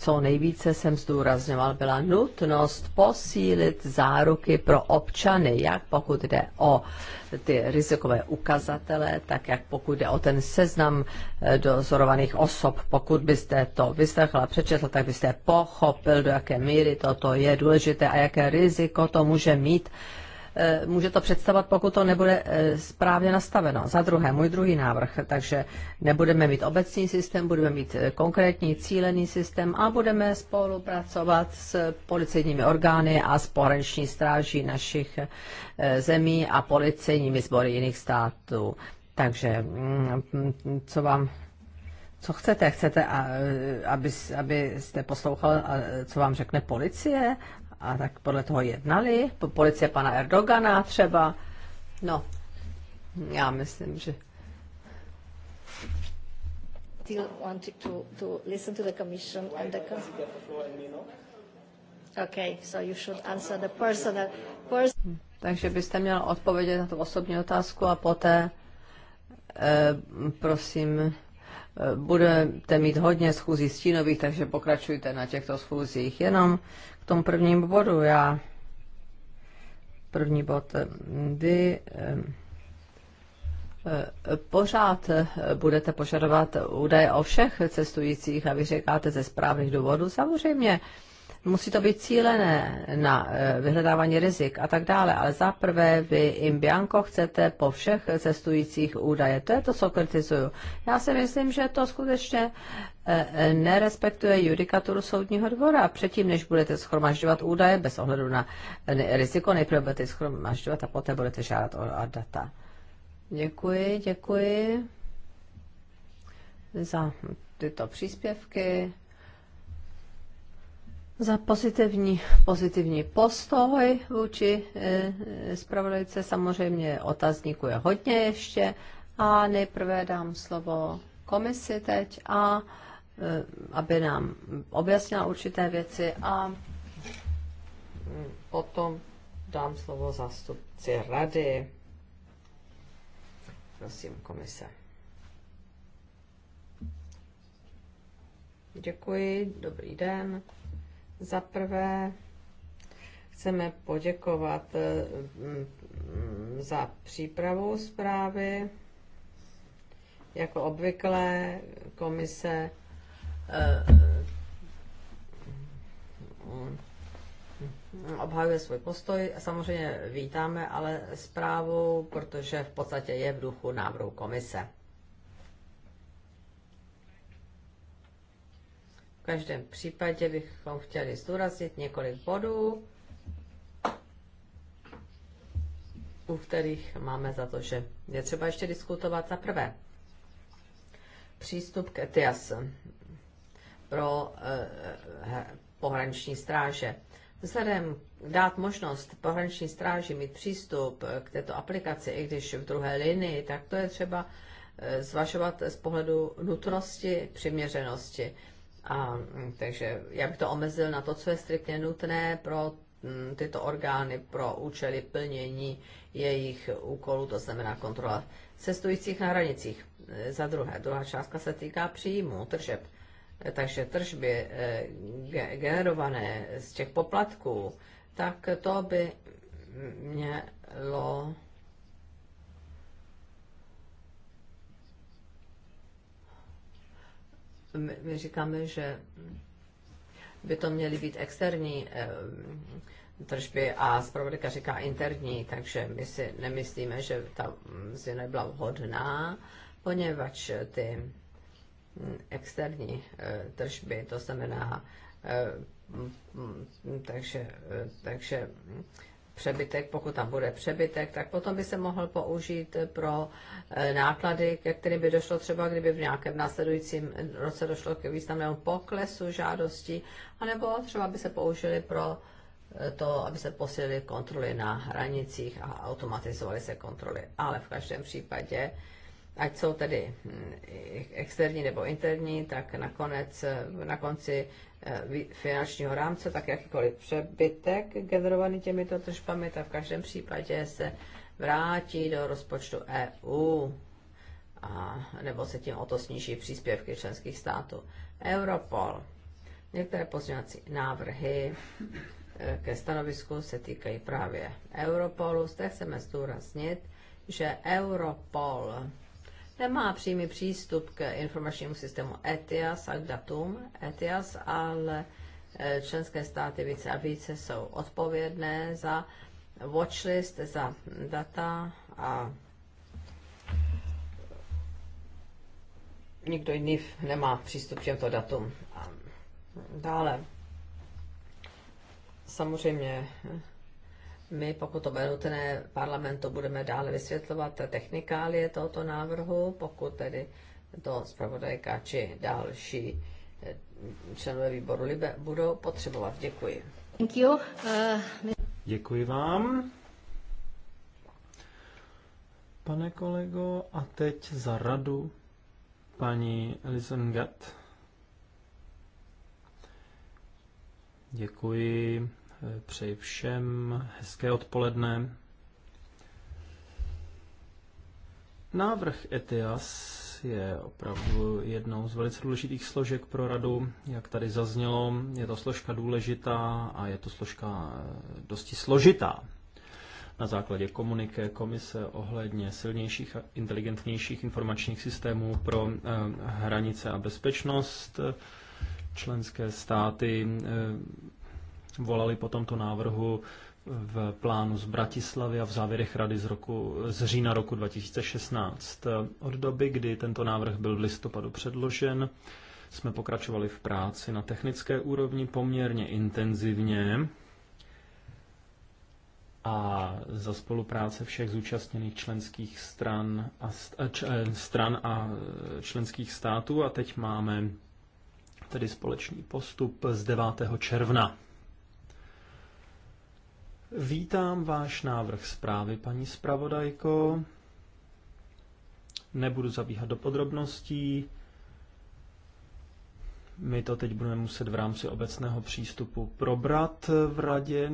co nejvíce jsem zdůrazňoval, byla nutnost posílit záruky pro občany, jak pokud jde o ty rizikové ukazatele, tak jak pokud jde o ten seznam eh, dozorovaných osob. Pokud byste to vyslechla, přečetla, tak byste pochopil, do jaké míry toto je důležité a jaké riziko to může mít Eh, může to představovat, pokud to nebude eh, správně nastaveno. Za druhé, můj druhý návrh, takže nebudeme mít obecný systém, budeme mít eh, konkrétní cílený systém a budeme spolupracovat s policejními orgány a s pohraniční stráží našich zemí a policejními sbory jiných států. Takže mm, mm, co vám co chcete? Chcete, aby, abyste poslouchal, co vám řekne policie? a tak podle toho jednali, policie pana Erdogana třeba. No, já myslím, že still to, to listen to the Commission and the Okay, so you should answer the personal... Pers hmm, Takže byste měl odpovědět na tu osobní otázku a poté, eh, prosím, eh, budete mít hodně schůzí stínových, takže pokračujte na těchto schůzích. Jenom tom prvnímu bodu. Já první bod. Eh, vy eh, eh, pořád budete požadovat údaje o všech cestujících a vy říkáte ze správných důvodů. Samozřejmě Musí to být cílené na eh, vyhledávání rizik a tak dále, ale zaprvé vy im bianko chcete po všech cestujících údaje. To je to, co kritizuju. Já si myslím, že to skutečně eh, eh, nerespektuje judikaturu soudního dvora. Předtím, než budete schromažďovat údaje, bez ohledu na riziko, nejprve budete schromažďovat a poté budete žádat o data. Děkuji, děkuji za tyto příspěvky za pozitivní, pozitivní postoj vůči e, e, zpravodajce. Samozřejmě otazníku je hodně ještě. A nejprve dám slovo komisi teď, a, e, aby nám objasnila určité věci a mm, potom dám slovo zástupci rady. Prosím, komise. Děkuji, dobrý den. Za prvé chceme poděkovat eh, mm, za přípravu zprávy. Jako obvykle komise eh, mm, obhajuje svůj postoj. Samozřejmě vítáme ale zprávu, protože v podstatě je v duchu návrhu komise. každém případě bychom chtěli zdůraznit několik bodů, u kterých máme za to, že je třeba ještě diskutovat. Za prvé, přístup k ETIAS pro eh, eh, pohraniční stráže. Vzhledem dát možnost pohraniční stráži mít přístup k této aplikaci, i když v druhé linii, tak to je třeba eh, zvažovat z pohledu nutnosti, přiměřenosti. A, mm, takže já bych to omezil na to, co je striktně nutné pro mm, tyto orgány pro účely plnění jejich úkolů, to znamená kontrola cestujících na hranicích. E, za druhé, druhá částka se týká příjmu, tržeb. E, takže tržby e, generované z těch poplatků, tak to by mělo my, my říkáme, že by to měly být externí e, tržby a zpravodajka říká interní, takže my si nemyslíme, že ta změna byla vhodná, poněvadž ty hm, externí e, tržby, to znamená, e, takže, takže přebytek, pokud tam bude přebytek, tak potom by se mohl použít pro e, náklady, ke kterým by došlo třeba, kdyby v nějakém následujícím roce došlo k významnému poklesu žádostí, anebo třeba by se použili pro e, to, aby se posílily kontroly na hranicích a automatizovaly se kontroly. Ale v každém případě ať jsou tedy hm, externí nebo interní, tak nakonec, eh, na konci eh, finančního rámce, tak jakýkoliv přebytek generovaný těmito tržbami, tak v každém případě se vrátí do rozpočtu EU a, nebo se tím o to sníží příspěvky členských států. Europol. Některé pozměňovací návrhy eh, ke stanovisku se týkají právě Europolu. Zde chceme zdůraznit, že Europol nemá přímý přístup k informačnímu systému ETIAS a k datům ETIAS, ale e, členské státy více a více jsou odpovědné za watchlist, za data a nikdo jiný nemá přístup k těmto datům. dále, samozřejmě, my, pokud to bude nutné, parlamentu budeme dále vysvětlovat technikálie tohoto návrhu, pokud tedy to zpravodajka či další eh, členové výboru Libe budou potřebovat. Děkuji. Thank you. Uh, Děkuji vám. Pane kolego, a teď za radu paní Alison Gatt. Děkuji přeji všem hezké odpoledne. Návrh ETIAS je opravdu jednou z velice důležitých složek pro radu. Jak tady zaznělo, je to složka důležitá a je to složka eh, dosti složitá. Na základě komuniké komise ohledně silnějších a inteligentnějších informačních systémů pro eh, hranice a bezpečnost eh, členské státy volali po tomto návrhu v plánu z Bratislavy a v závěrech rady z, roku, z října roku 2016. Od doby, kdy tento návrh byl v listopadu předložen, jsme pokračovali v práci na technické úrovni poměrně intenzivně a za spolupráce všech zúčastněných členských stran a, eh, eh, stran a eh, členských států. A teď máme tedy společný postup z 9. června Vítám váš návrh zprávy, paní zpravodajko. Nebudu zabíhat do podrobností. My to teď budeme muset v rámci obecného přístupu probrat v radě,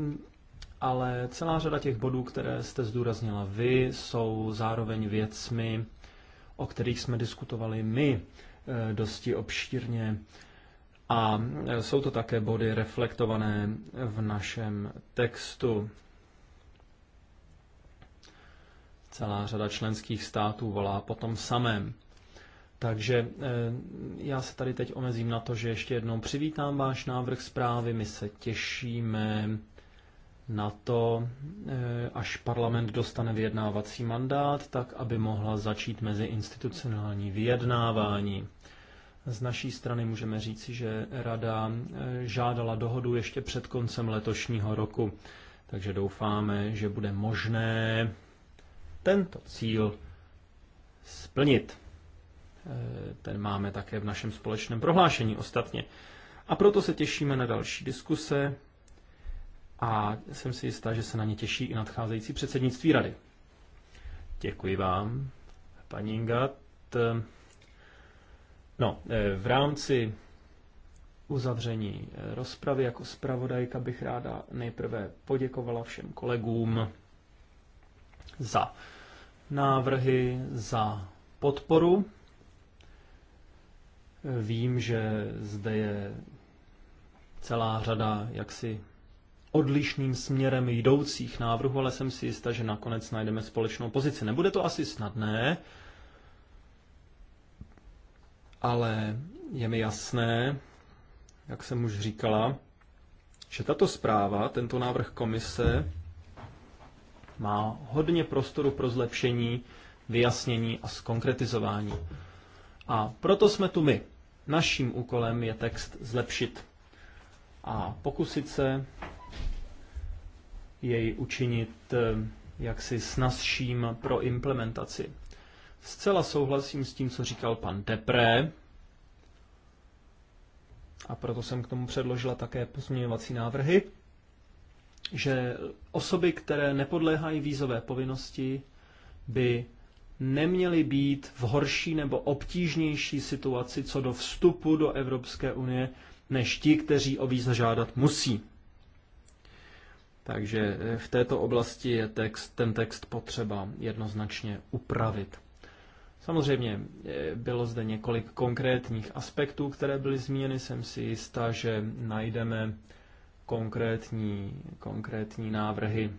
ale celá řada těch bodů, které jste zdůraznila vy, jsou zároveň věcmi, o kterých jsme diskutovali my eh, dosti obšírně a jsou to také body reflektované v našem textu. Celá řada členských států volá po tom samém. Takže eh, já se tady teď omezím na to, že ještě jednou přivítám váš návrh zprávy. My se těšíme na to, eh, až parlament dostane vyjednávací mandát, tak aby mohla začít mezi institucionální vyjednávání. Z naší strany můžeme říci, že Rada eh, žádala dohodu ještě před koncem letošního roku, takže doufáme, že bude možné tento cíl splnit. Eh, ten máme také v našem společném prohlášení ostatně. A proto se těšíme na další diskuse a jsem si jistá, že se na ně těší i nadcházející předsednictví rady. Děkuji vám, paní Ingat. No, eh, v rámci uzavření eh, rozpravy jako zpravodajka bych ráda nejprve poděkovala všem kolegům za návrhy, za podporu. Vím, že zde je celá řada jaksi odlišným směrem jdoucích návrhů, ale jsem si jistá, že nakonec najdeme společnou pozici. Nebude to asi snadné, ale je mi jasné, jak jsem už říkala, že tato zpráva, tento návrh komise má hodně prostoru pro zlepšení, vyjasnění a skonkretizování. A proto jsme tu my. Naším úkolem je text zlepšit a pokusit se jej učinit eh, jaksi snazším pro implementaci. Zcela souhlasím s tím, co říkal pan Depré, a proto jsem k tomu předložila také pozměňovací návrhy, že osoby, které nepodléhají vízové povinnosti, by neměly být v horší nebo obtížnější situaci co do vstupu do Evropské unie, než ti, kteří o víza žádat musí. Takže eh, v této oblasti je text, ten text potřeba jednoznačně upravit. Samozřejmě eh, bylo zde několik konkrétních aspektů, které byly zmíněny. Jsem si jistá, že najdeme konkrétní, konkrétní návrhy.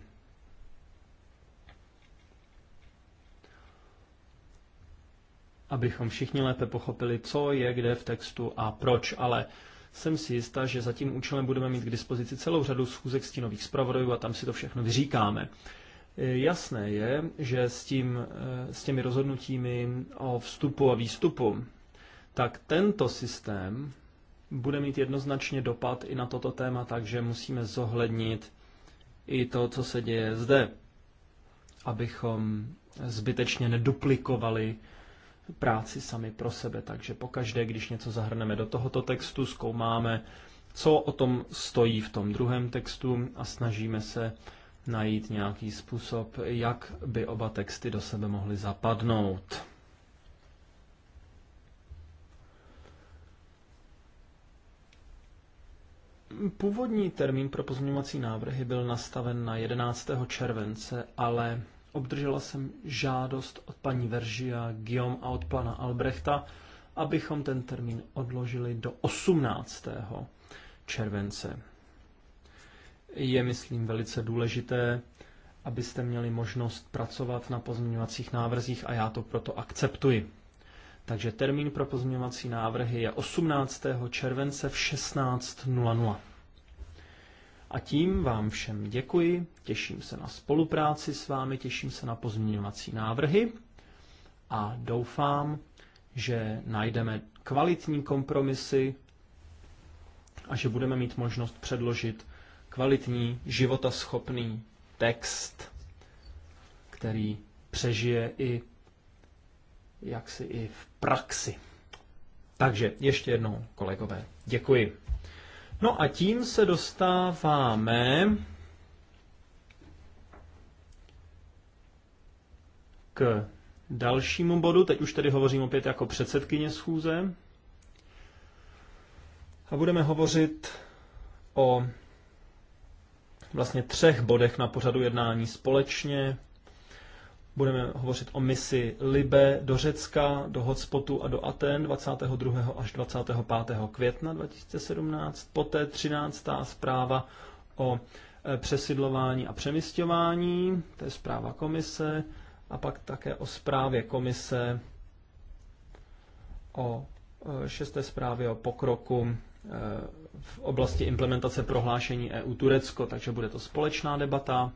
Abychom všichni lépe pochopili, co je kde v textu a proč, ale jsem si jistá, že za tím účelem budeme mít k dispozici celou řadu schůzek stínových zpravodajů a tam si to všechno vyříkáme. Eh, jasné je, že s, tím, eh, s těmi rozhodnutími o vstupu a výstupu, tak tento systém bude mít jednoznačně dopad i na toto téma, takže musíme zohlednit i to, co se děje zde, abychom zbytečně neduplikovali práci sami pro sebe. Takže pokaždé, když něco zahrneme do tohoto textu, zkoumáme, co o tom stojí v tom druhém textu a snažíme se najít nějaký způsob, jak by oba texty do sebe mohly zapadnout. Původní termín pro pozměňovací návrhy byl nastaven na 11. července, ale obdržela jsem žádost od paní Veržia, Guillaume a od pana Albrechta, abychom ten termín odložili do 18. července je, myslím, velice důležité, abyste měli možnost pracovat na pozměňovacích návrzích a já to proto akceptuji. Takže termín pro pozměňovací návrhy je 18. července v 16.00. A tím vám všem děkuji, těším se na spolupráci s vámi, těším se na pozměňovací návrhy a doufám, že najdeme kvalitní kompromisy a že budeme mít možnost předložit kvalitní, životaschopný text, který přežije i jaksi i v praxi. Takže ještě jednou, kolegové, děkuji. No a tím se dostáváme k dalšímu bodu. Teď už tedy hovořím opět jako předsedkyně schůze. A budeme hovořit o vlastně třech bodech na pořadu jednání společně. Budeme hovořit o misi Libe do Řecka, do hotspotu a do Aten 22. až 25. května 2017. Poté 13. zpráva o e, přesidlování a přemysťování, to je zpráva komise, a pak také o zprávě komise o e, šesté zprávě o pokroku e, v oblasti implementace prohlášení EU Turecko, takže bude to společná debata.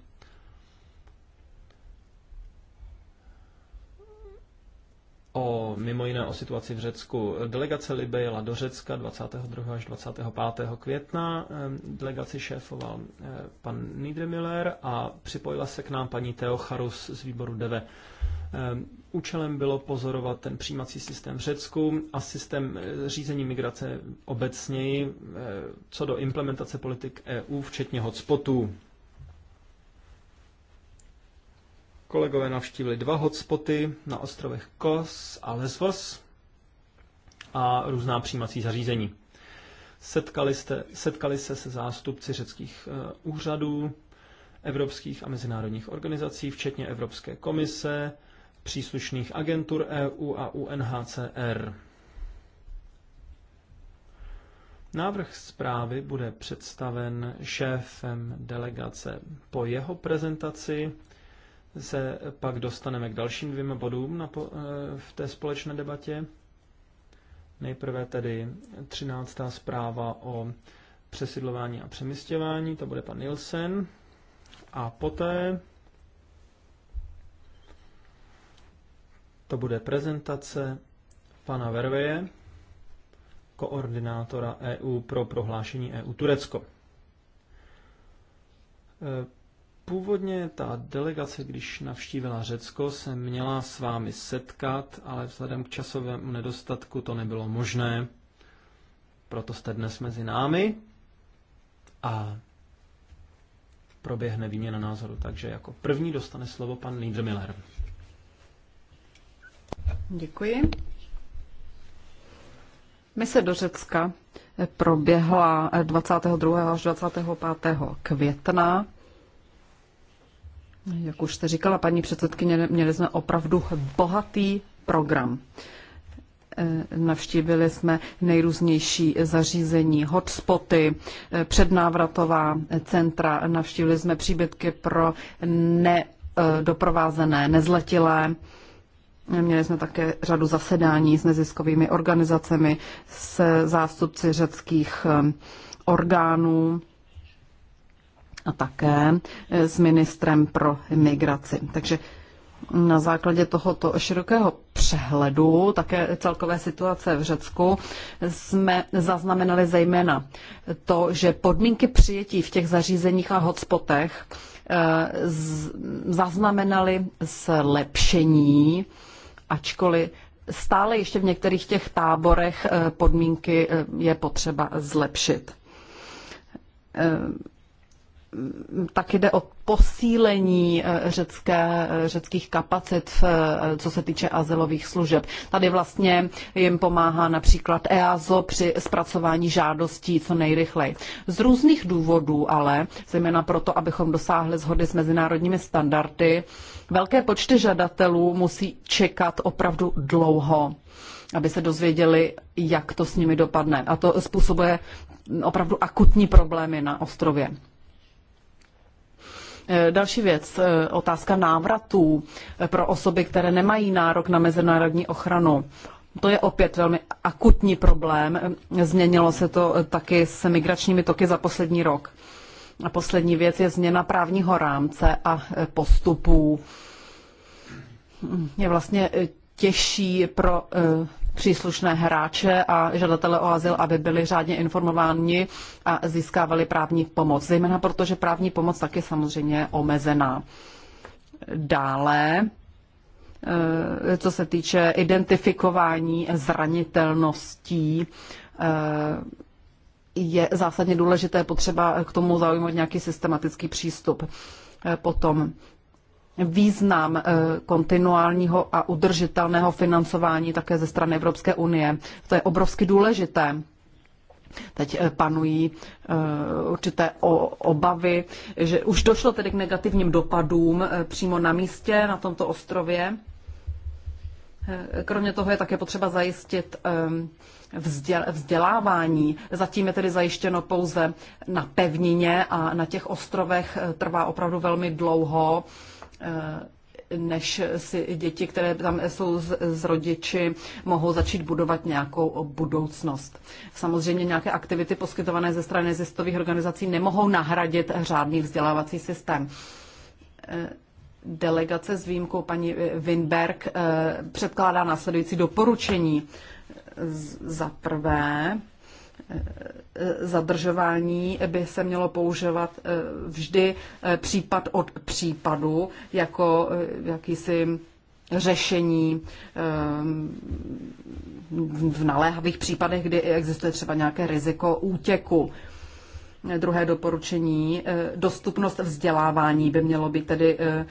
O, mimo jiné o situaci v Řecku. Delegace Libe jela do Řecka 22. až 25. května. Delegaci šéfoval eh, pan Niedermüller a připojila se k nám paní Theo Charus z výboru DEVE. Účelem bylo pozorovat ten přijímací systém v Řecku a systém eh, řízení migrace obecněji eh, co do implementace politik EU, včetně hotspotů. Kolegové navštívili dva hotspoty na ostrovech Kos a Lesvos a různá přijímací zařízení. Setkali, jste, setkali se se zástupci řeckých eh, úřadů, evropských a mezinárodních organizací, včetně Evropské komise, příslušných agentur EU a UNHCR. Návrh zprávy bude představen šéfem delegace. Po jeho prezentaci se pak dostaneme k dalším dvěma bodům na po, eh, v té společné debatě. Nejprve tedy 13. zpráva o přesidlování a přemysťování, to bude pan Nielsen. A poté To bude prezentace pana Verveje, koordinátora EU pro prohlášení EU Turecko. E, původně ta delegace, když navštívila Řecko, se měla s vámi setkat, ale vzhledem k časovému nedostatku to nebylo možné. Proto jste dnes mezi námi a proběhne výměna názoru. Takže jako první dostane slovo pan Miller. Děkuji. Mise do Řecka proběhla 22. až 25. května. Jak už jste říkala, paní předsedkyně, měli jsme opravdu bohatý program. Navštívili jsme nejrůznější zařízení, hotspoty, přednávratová centra, navštívili jsme příbytky pro nedoprovázené nezletilé. Měli jsme také řadu zasedání s neziskovými organizacemi, s zástupci řeckých orgánů a také e, s ministrem pro migraci. Takže na základě tohoto širokého přehledu také celkové situace v Řecku jsme zaznamenali zejména to, že podmínky přijetí v těch zařízeních a hotspotech e, zaznamenaly zlepšení ačkoliv stále ještě v některých těch táborech eh, podmínky eh, je potřeba zlepšit. Eh, tak jde o posílení řecké, řeckých kapacit, v, co se týče azylových služeb. Tady vlastně jim pomáhá například EASO při zpracování žádostí co nejrychleji. Z různých důvodů ale, zejména proto, abychom dosáhli shody s mezinárodními standardy, Velké počty žadatelů musí čekat opravdu dlouho, aby se dozvěděli, jak to s nimi dopadne. A to způsobuje opravdu akutní problémy na ostrově. E, další věc, e, otázka návratů e, pro osoby, které nemají nárok na mezinárodní ochranu. To je opět velmi akutní problém. Změnilo se to taky s migračními toky za poslední rok. A poslední věc je změna právního rámce a e, postupů. Je vlastně e, těžší pro e, příslušné hráče a žadatele o azyl, aby byli řádně informováni a získávali právní pomoc. Zejména proto, že právní pomoc tak je samozřejmě omezená. Dále, co se týče identifikování zranitelností, je zásadně důležité potřeba k tomu zaujmout nějaký systematický přístup. Eh, potom význam eh, kontinuálního a udržitelného financování také ze strany Evropské unie. To je obrovsky důležité. Teď eh, panují určité obavy, že už došlo tedy k negativním dopadům přímo na místě, na tomto ostrově. Eh, kromě toho je také potřeba zajistit ehm, vzdělávání. Zatím je tedy zajištěno pouze na pevnině a na těch ostrovech eh, trvá opravdu velmi dlouho, eh, než si děti, které tam jsou z rodiči, mohou začít budovat nějakou budoucnost. Samozřejmě nějaké aktivity poskytované ze strany neziskových organizací nemohou nahradit řádný vzdělávací systém delegace s výjimkou paní eh, Winberg eh, předkládá následující doporučení. Za prvé, eh, zadržování by se mělo používat vždy případ od případu jako jakýsi řešení v naléhavých případech, kdy existuje třeba nějaké riziko útěku. Druhé doporučení, eh, dostupnost vzdělávání by mělo být tedy, eh,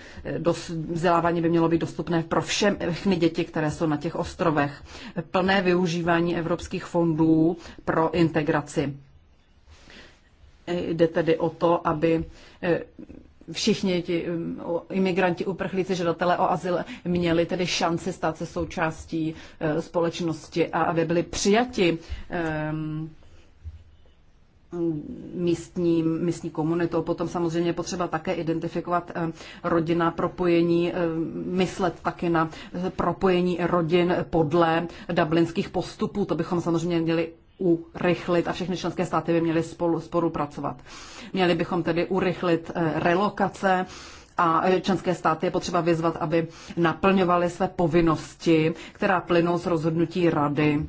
vzdělávání by mělo být dostupné pro všem, všechny děti, které jsou na těch ostrovech. Plné využívání evropských fondů pro integraci. Jde tedy o to, aby eh, všichni ti imigranti, uprchlíci, žadatelé o azyl měli tedy šanci stát se součástí společnosti a aby byli přijati um, místní místní komunitou. Potom samozřejmě potřeba také identifikovat eh, rodina propojení, eh, myslet taky na eh, propojení rodin podle dublinských postupů. To bychom samozřejmě měli urychlit a všechny členské státy by měly spolu, spolupracovat. Měli bychom tedy urychlit relokace a členské státy je potřeba vyzvat, aby naplňovaly své povinnosti, která plynou z rozhodnutí rady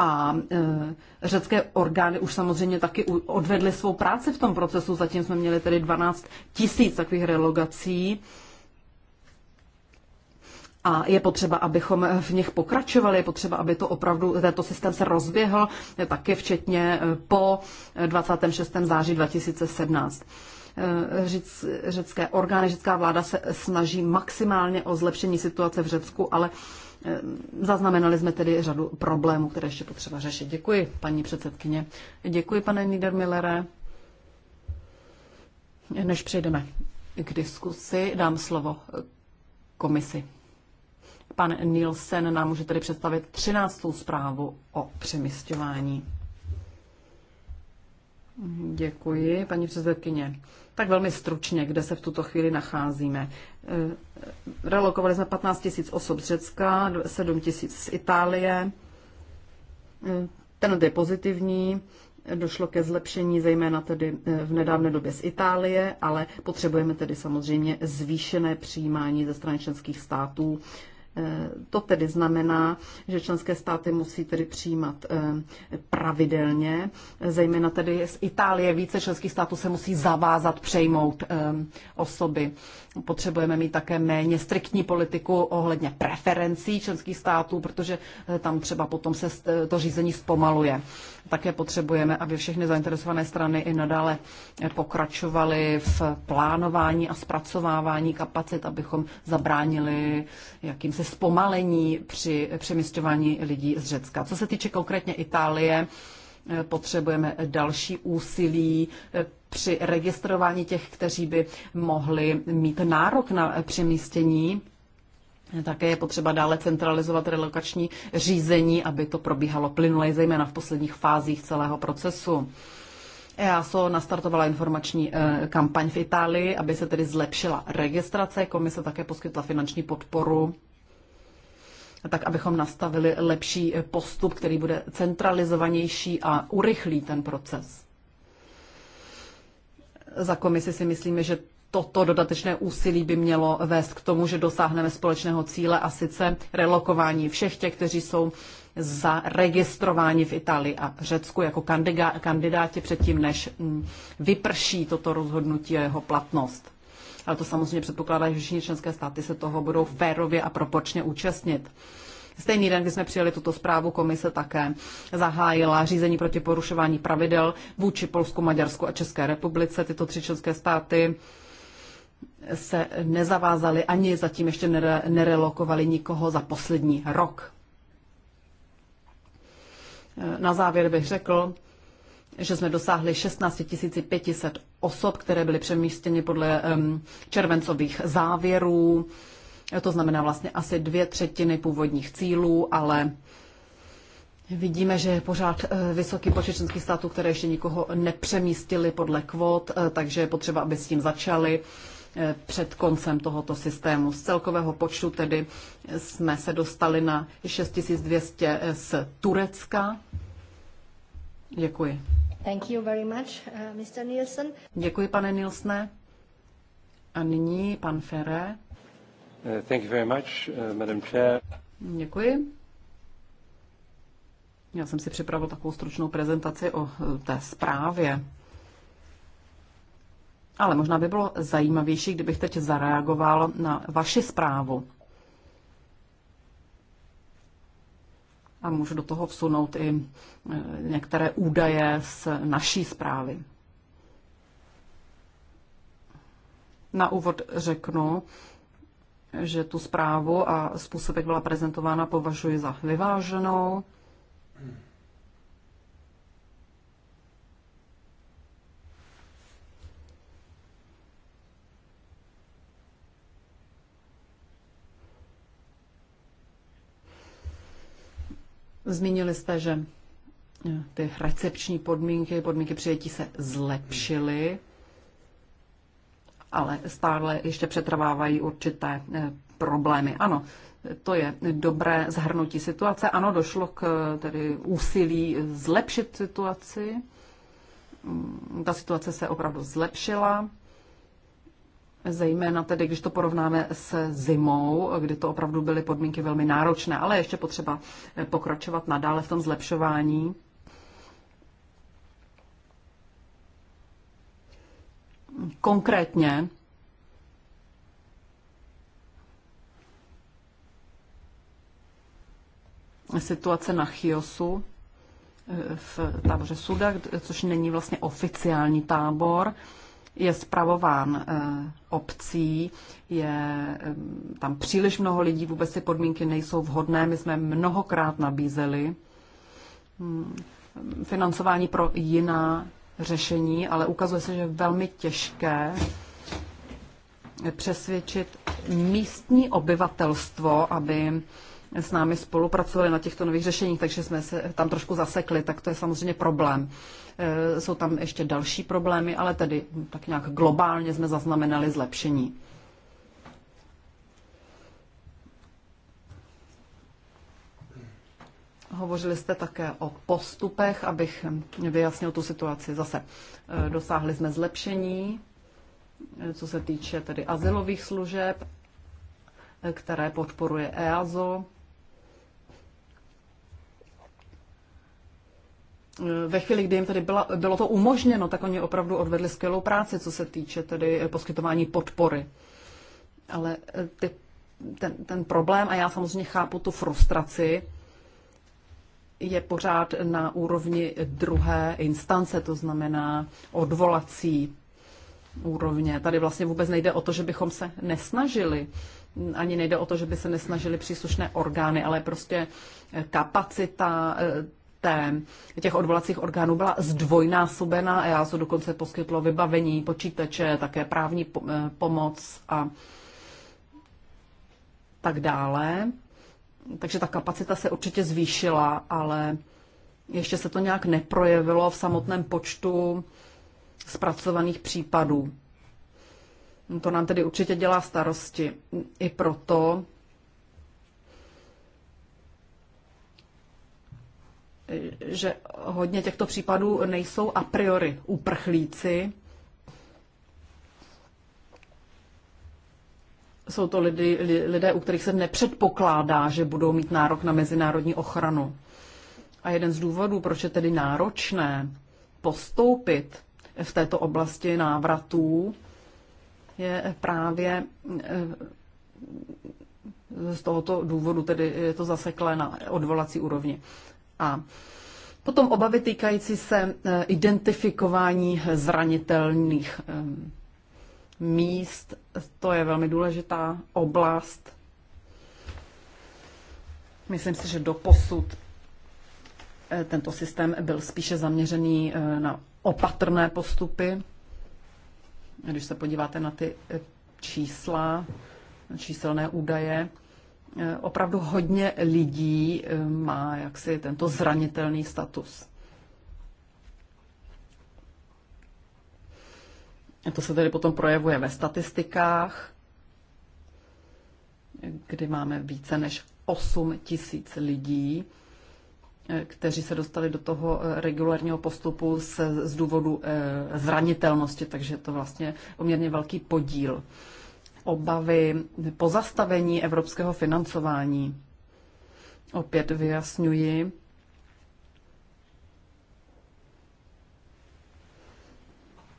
a e, řecké orgány už samozřejmě taky odvedly svou práci v tom procesu. Zatím jsme měli tedy 12 tisíc takových relogací. A je potřeba, abychom v nich pokračovali, je potřeba, aby to opravdu, tento systém se rozběhl, e, taky včetně e, po 26. září 2017. řecké orgány, řecká vláda se snaží maximálně o zlepšení situace v Řecku, ale Eh, zaznamenali jsme tedy řadu problémů, které ještě potřeba řešit. Děkuji, paní předsedkyně. Děkuji, pane Niedermillere. Než přejdeme k diskusi, dám slovo komisi. Pan Nielsen nám může tedy představit 13. zprávu o přemysťování. Děkuji, paní předsedkyně tak velmi stručně, kde se v tuto chvíli nacházíme. Eh, relokovali jsme 15 000 osob z Řecka, 7 000 z Itálie. Eh, ten je pozitivní, došlo ke zlepšení zejména tedy eh, v nedávné době z Itálie, ale potřebujeme tedy samozřejmě zvýšené přijímání ze strany členských států Eh, to tedy znamená, že členské státy musí tedy přijímat eh, pravidelně, zejména tedy z Itálie více členských států se musí zavázat přejmout eh, osoby. Potřebujeme mít také méně striktní politiku ohledně preferencí členských států, protože tam třeba potom se to řízení zpomaluje. Také potřebujeme, aby všechny zainteresované strany i nadále pokračovaly v plánování a zpracovávání kapacit, abychom zabránili jakýmsi zpomalení při přemysťování lidí z Řecka. Co se týče konkrétně Itálie, potřebujeme další úsilí při registrování těch, kteří by mohli mít nárok na přemístění také je potřeba dále centralizovat relokační řízení, aby to probíhalo plynule, zejména v posledních fázích celého procesu. EASO nastartovala informační e, kampaň v Itálii, aby se tedy zlepšila registrace. Komise také poskytla finanční podporu tak abychom nastavili lepší e, postup, který bude centralizovanější a urychlí ten proces. Za komisi si myslíme, že toto dodatečné úsilí by mělo vést k tomu, že dosáhneme společného cíle a sice relokování všech těch, kteří jsou zaregistrováni v Itálii a Řecku jako kandidáti předtím, než mm, vyprší toto rozhodnutí a jeho platnost. Ale to samozřejmě předpokládá, že všichni členské státy se toho budou férově a proporčně účastnit. Stejný den, kdy jsme přijeli tuto zprávu, komise také zahájila řízení proti porušování pravidel vůči Polsku, Maďarsku a České republice. Tyto tři členské státy se nezavázali ani zatím ještě nere, nerelokovali nikoho za poslední rok. E, na závěr bych řekl, že jsme dosáhli 16 500 osob, které byly přemístěny podle červencových závěrů. E, to znamená vlastně asi dvě třetiny původních cílů, ale Vidíme, že je pořád e, vysoký počet členských států, které ještě nikoho nepřemístili podle kvot, takže je potřeba, aby s tím začali. Eh, před koncem tohoto systému. Z celkového počtu tedy jsme se dostali na 6200 eh, z Turecka. Děkuji. Thank you very much, uh, eh, Mr. Nielsen. Děkuji, pane Nilsne. A nyní pan Ferre. Uh, thank you very much, uh, Madam Chair. Děkuji. Já jsem si připravil takovou stručnou prezentaci o té zprávě. Ale možná by bylo zajímavější, kdybych teď zareagoval na vaši zprávu. A můžu do toho vsunout i eh, některé údaje z naší zprávy. Na úvod řeknu, že tu zprávu a způsob, jak byla prezentována, považuji za vyváženou. Zmínili jste, že eh, ty recepční podmínky, podmínky přijetí se zlepšily, ale stále ještě přetrvávají určité eh, problémy. Ano, to je dobré zhrnutí situace. Ano, došlo k eh, tedy úsilí zlepšit situaci. Mm, ta situace se opravdu zlepšila. Zejména tedy, když to porovnáme se zimou, kdy to opravdu byly podmínky velmi náročné, ale ještě potřeba eh, pokračovat nadále v tom zlepšování. Konkrétně situace na Chiosu eh, v táboře Suda, což není vlastně oficiální tábor, je spravován eh, obcí, je eh, tam příliš mnoho lidí, vůbec ty podmínky nejsou vhodné. My jsme mnohokrát nabízeli hm, financování pro jiná řešení, ale ukazuje se, že je velmi těžké přesvědčit místní obyvatelstvo, aby s námi spolupracovali na těchto nových řešeních, takže jsme se tam trošku zasekli, tak to je samozřejmě problém. Eh, jsou tam ještě další problémy, ale tedy hm, tak nějak globálně jsme zaznamenali zlepšení. Hovořili jste také o postupech, abych hm, vyjasnil tu situaci. Zase eh, dosáhli jsme zlepšení, eh, co se týče tedy asilových služeb, které podporuje EASO. ve chvíli, kdy jim tedy byla, bylo to umožněno, tak oni opravdu odvedli skvělou práci, co se týče tedy eh, poskytování podpory. Ale eh, ty, ten, ten problém, a já samozřejmě chápu tu frustraci, je pořád na úrovni druhé instance, to znamená odvolací úrovně. Tady vlastně vůbec nejde o to, že bychom se nesnažili, ani nejde o to, že by se nesnažili příslušné orgány, ale prostě eh, kapacita té, těch odvolacích orgánů byla zdvojnásobena a já se dokonce poskytlo vybavení počítače, také právní eh, pomoc a tak dále. Takže ta kapacita se určitě zvýšila, ale ještě se to nějak neprojevilo v samotném počtu zpracovaných případů. To nám tedy určitě dělá starosti. I proto že hodně těchto případů nejsou a priori uprchlíci. Jsou to lidi, lidé, u kterých se nepředpokládá, že budou mít nárok na mezinárodní ochranu. A jeden z důvodů, proč je tedy náročné postoupit v této oblasti návratů, je právě e, z tohoto důvodu tedy je to zaseklé na odvolací úrovni. A potom obavy týkající se e, identifikování zranitelných e, míst, to je velmi důležitá oblast. Myslím si, že do posud e, tento systém byl spíše zaměřený na opatrné postupy. Když se podíváte na ty čísla, číselné údaje, Eh, opravdu hodně lidí eh, má jaksi tento zranitelný status. To se tedy potom projevuje ve statistikách, kdy máme více než 8 tisíc lidí, eh, kteří se dostali do toho regulárního postupu z, z důvodu zranitelnosti, takže je to vlastně poměrně velký podíl obavy pozastavení evropského financování. Opět vyjasňuji.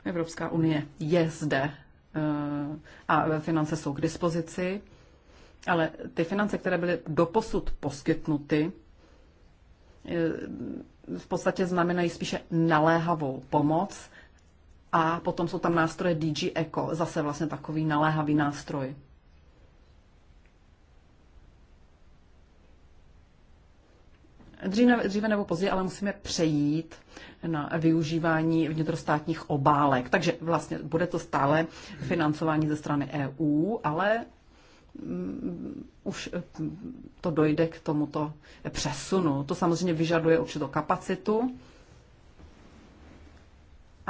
Evropská unie je zde eh, a finance jsou k dispozici, ale ty finance, které byly doposud poskytnuty, eh, v podstatě znamenají spíše naléhavou pomoc a potom jsou tam nástroje DG Eco, zase vlastně takový naléhavý nástroj. Dříve, dříve nebo později, ale musíme přejít na využívání vnitrostátních obálek. Takže vlastně bude to stále financování ze strany EU, ale mm, už mm, to dojde k tomuto přesunu. To samozřejmě vyžaduje určitou kapacitu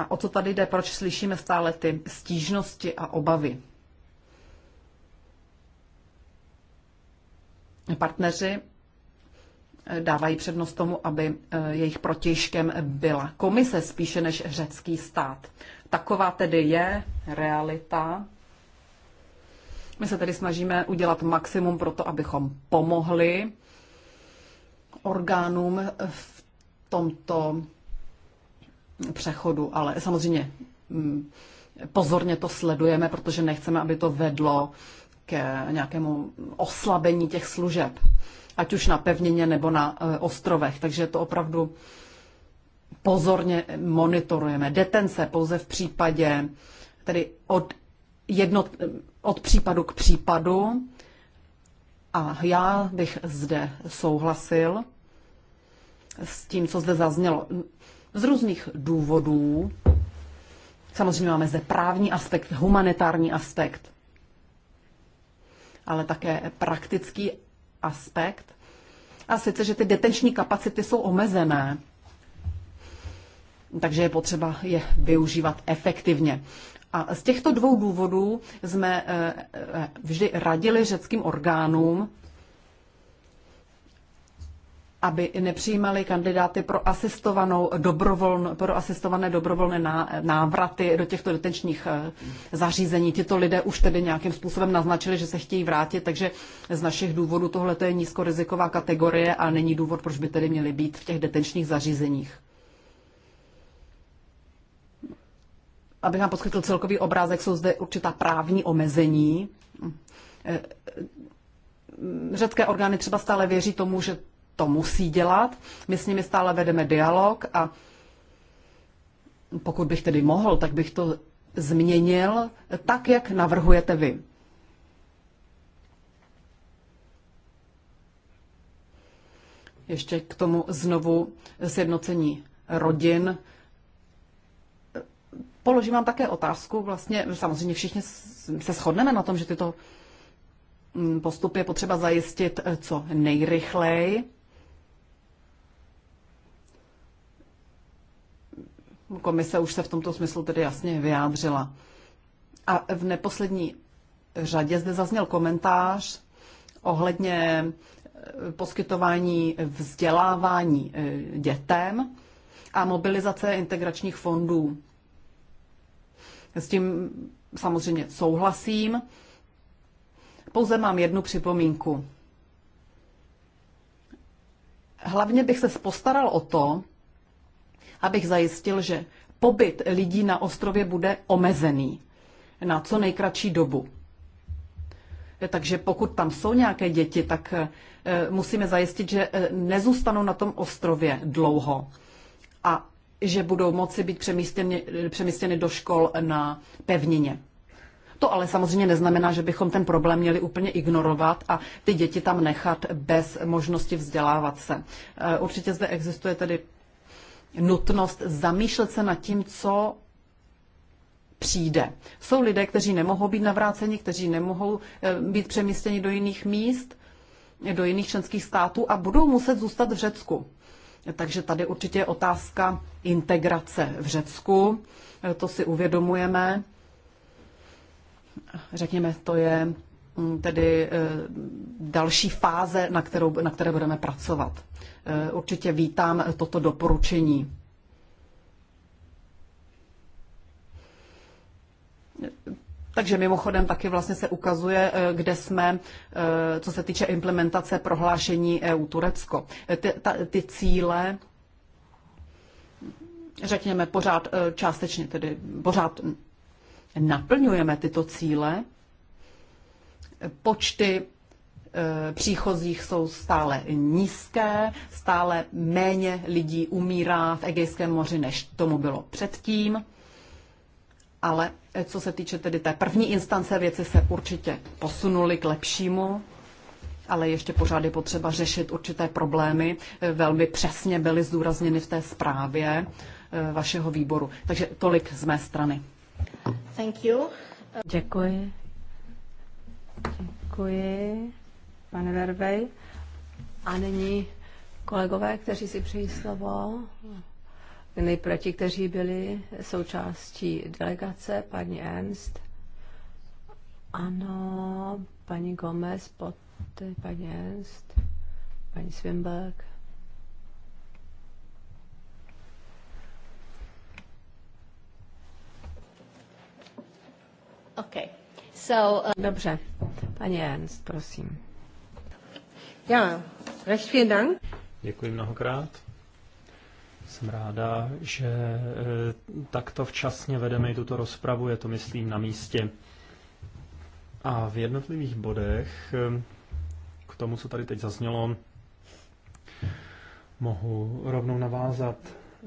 a o co tady jde, proč slyšíme stále ty stížnosti a obavy? Partneři eh, dávají přednost tomu, aby eh, jejich protěžkem byla komise spíše než řecký stát. Taková tedy je realita. My se tedy snažíme udělat maximum pro to, abychom pomohli orgánům v tomto přechodu, ale samozřejmě mm, pozorně to sledujeme, protože nechceme, aby to vedlo k nějakému oslabení těch služeb, ať už na pevnině nebo na e, ostrovech. Takže to opravdu pozorně monitorujeme. Detence pouze v případě, tedy od, jednot, od případu k případu. A já bych zde souhlasil s tím, co zde zaznělo. Z různých důvodů. Samozřejmě máme zde právní aspekt, humanitární aspekt, ale také praktický aspekt. A sice, že ty detenční kapacity jsou omezené, takže je potřeba je využívat efektivně. A z těchto dvou důvodů jsme eh, eh, vždy radili řeckým orgánům, aby nepřijímali kandidáty pro, asistovanou dobrovoln, pro asistované dobrovolné návraty do těchto detenčních eh, zařízení. Tito lidé už tedy nějakým způsobem naznačili, že se chtějí vrátit, takže z našich důvodů tohle je nízkoriziková kategorie a není důvod, proč by tedy měli být v těch detenčních zařízeních. Abych vám poskytl celkový obrázek, jsou zde určitá právní omezení eh, eh, řecké orgány třeba stále věří tomu, že to musí dělat. My s nimi stále vedeme dialog a pokud bych tedy mohl, tak bych to změnil tak, jak navrhujete vy. Ještě k tomu znovu sjednocení rodin. Položím vám také otázku. Vlastně samozřejmě všichni se shodneme na tom, že tyto mm, postupy je potřeba zajistit co nejrychleji. Komise už se v tomto smyslu tedy jasně vyjádřila. A v neposlední řadě zde zazněl komentář ohledně eh, poskytování vzdělávání eh, dětem a mobilizace integračních fondů. S tím samozřejmě souhlasím. Pouze mám jednu připomínku. Hlavně bych se postaral o to, abych zajistil, že pobyt lidí na ostrově bude omezený na co nejkratší dobu. Takže pokud tam jsou nějaké děti, tak eh, musíme zajistit, že eh, nezůstanou na tom ostrově dlouho a že budou moci být přemístěny, přemístěny do škol na pevnině. To ale samozřejmě neznamená, že bychom ten problém měli úplně ignorovat a ty děti tam nechat bez možnosti vzdělávat se. Eh, určitě zde existuje tedy nutnost zamýšlet se nad tím, co přijde. Jsou lidé, kteří nemohou být navráceni, kteří nemohou eh, být přemístěni do jiných míst, do jiných členských států a budou muset zůstat v Řecku. Takže tady určitě je otázka integrace v Řecku, eh, to si uvědomujeme. Řekněme, to je mm, tedy eh, další fáze, na, kterou, na které budeme pracovat. Eh, určitě vítám toto doporučení. Takže mimochodem taky vlastně se ukazuje, eh, kde jsme, eh, co se týče implementace prohlášení EU Turecko. Ty, ta, ty cíle, řekněme, pořád částečně tedy, pořád naplňujeme tyto cíle. Počty Eh, příchozích jsou stále nízké, stále méně lidí umírá v Egejském moři, než tomu bylo předtím. Ale eh, co se týče tedy té první instance, věci se určitě posunuly k lepšímu, ale ještě pořád je potřeba řešit určité problémy. Eh, velmi přesně byly zdůrazněny v té zprávě vašeho výboru. Takže tolik z mé strany. Thank you. Děkuji. Děkuji pane Vervej. A nyní kolegové, kteří si přejí slovo, nejprve ti, kteří byli součástí delegace, paní Ernst. Ano, paní Gomez, poté paní Ernst, paní Swinberg. Okay. So, uh... Dobře, paní Ernst, prosím. Ja, recht vielen Dank. Děkuji mnohokrát. Jsem ráda, že eh, takto včasně vedeme i tuto rozpravu, je to, myslím, na místě. A v jednotlivých bodech eh, k tomu, co tady teď zaznělo, mohu rovnou navázat,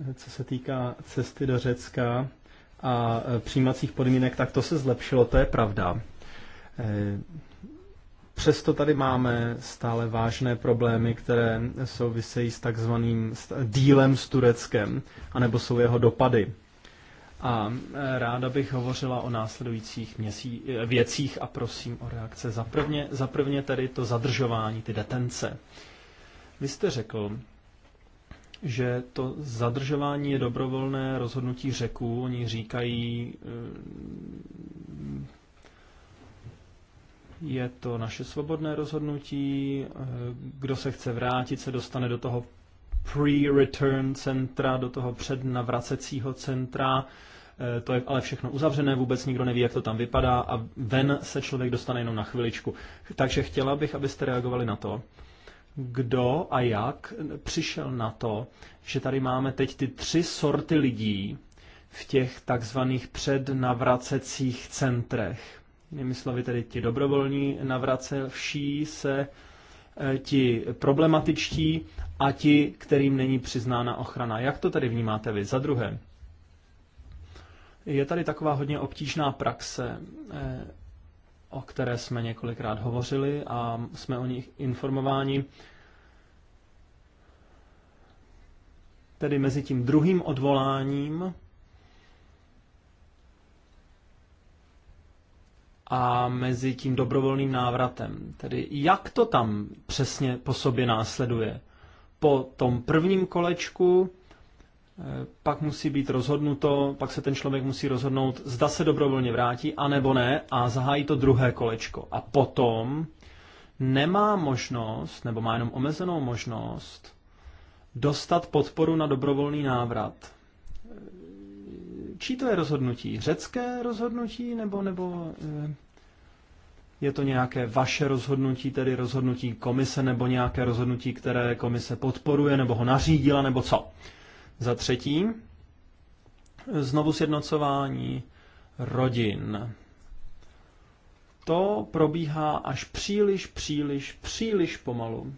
eh, co se týká cesty do Řecka a přijímacích podmínek, tak to se zlepšilo, to je pravda. Přesto tady máme stále vážné problémy, které souvisejí s takzvaným dílem s Tureckem, anebo jsou jeho dopady. A e, ráda bych hovořila o následujících měsí, e, věcích a prosím o reakce. Za prvně tedy to zadržování, ty detence. Vy jste řekl, že to zadržování je dobrovolné rozhodnutí řeků. Oni říkají, e, je to naše svobodné rozhodnutí, eh, kdo se chce vrátit, se dostane do toho pre-return centra, do toho přednavracecího centra. Eh, to je ale všechno uzavřené, vůbec nikdo neví, jak to tam vypadá a ven se člověk dostane jenom na chviličku. Takže chtěla bych, abyste reagovali na to, kdo a jak přišel na to, že tady máme teď ty tři sorty lidí v těch takzvaných přednavracecích centrech jinými slovy tedy ti dobrovolní navracevší se eh, ti problematičtí a ti, kterým není přiznána ochrana. Jak to tady vnímáte vy? Za druhé, je tady taková hodně obtížná praxe, eh, o které jsme několikrát hovořili a jsme o nich informováni. Tedy mezi tím druhým odvoláním a mezi tím dobrovolným návratem. Tedy jak to tam přesně po sobě následuje? Po tom prvním kolečku eh, pak musí být rozhodnuto, pak se ten člověk musí rozhodnout, zda se dobrovolně vrátí, anebo ne, a zahájí to druhé kolečko. A potom nemá možnost, nebo má jenom omezenou možnost, dostat podporu na dobrovolný návrat. Čí to je rozhodnutí? Řecké rozhodnutí nebo, nebo eh, je to nějaké vaše rozhodnutí, tedy rozhodnutí komise nebo nějaké rozhodnutí, které komise podporuje nebo ho nařídila nebo co? Za třetí, znovu sjednocování rodin. To probíhá až příliš, příliš, příliš pomalu.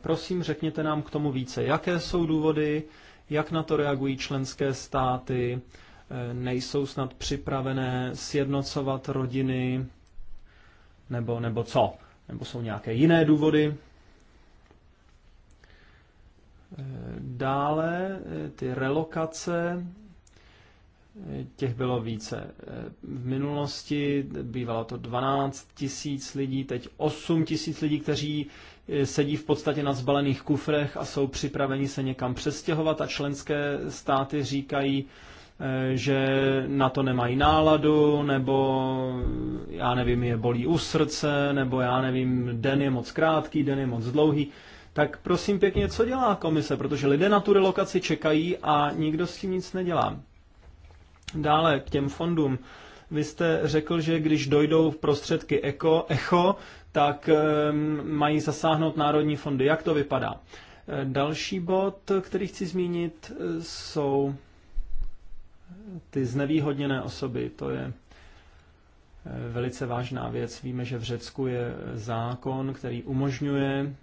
Prosím, řekněte nám k tomu více. Jaké jsou důvody, jak na to reagují členské státy, Eh, nejsou snad připravené sjednocovat rodiny, nebo, nebo co? Nebo jsou nějaké jiné důvody? Eh, dále eh, ty relokace, těch bylo více. V minulosti bývalo to 12 tisíc lidí, teď 8 tisíc lidí, kteří sedí v podstatě na zbalených kufrech a jsou připraveni se někam přestěhovat a členské státy říkají, Eh, že na to nemají náladu, nebo já nevím, je bolí u srdce, nebo já nevím, den je moc krátký, den je moc dlouhý. Tak prosím pěkně, co dělá komise, protože lidé na tu relokaci čekají a nikdo s tím nic nedělá. Dále k těm fondům. Vy jste řekl, že když dojdou v prostředky ECHO, ECHO tak ehm, mají zasáhnout národní fondy. Jak to vypadá? Eh, další bod, který chci zmínit, eh, jsou ty znevýhodněné osoby, to je eh, velice vážná věc. Víme, že v Řecku je eh, zákon, který umožňuje,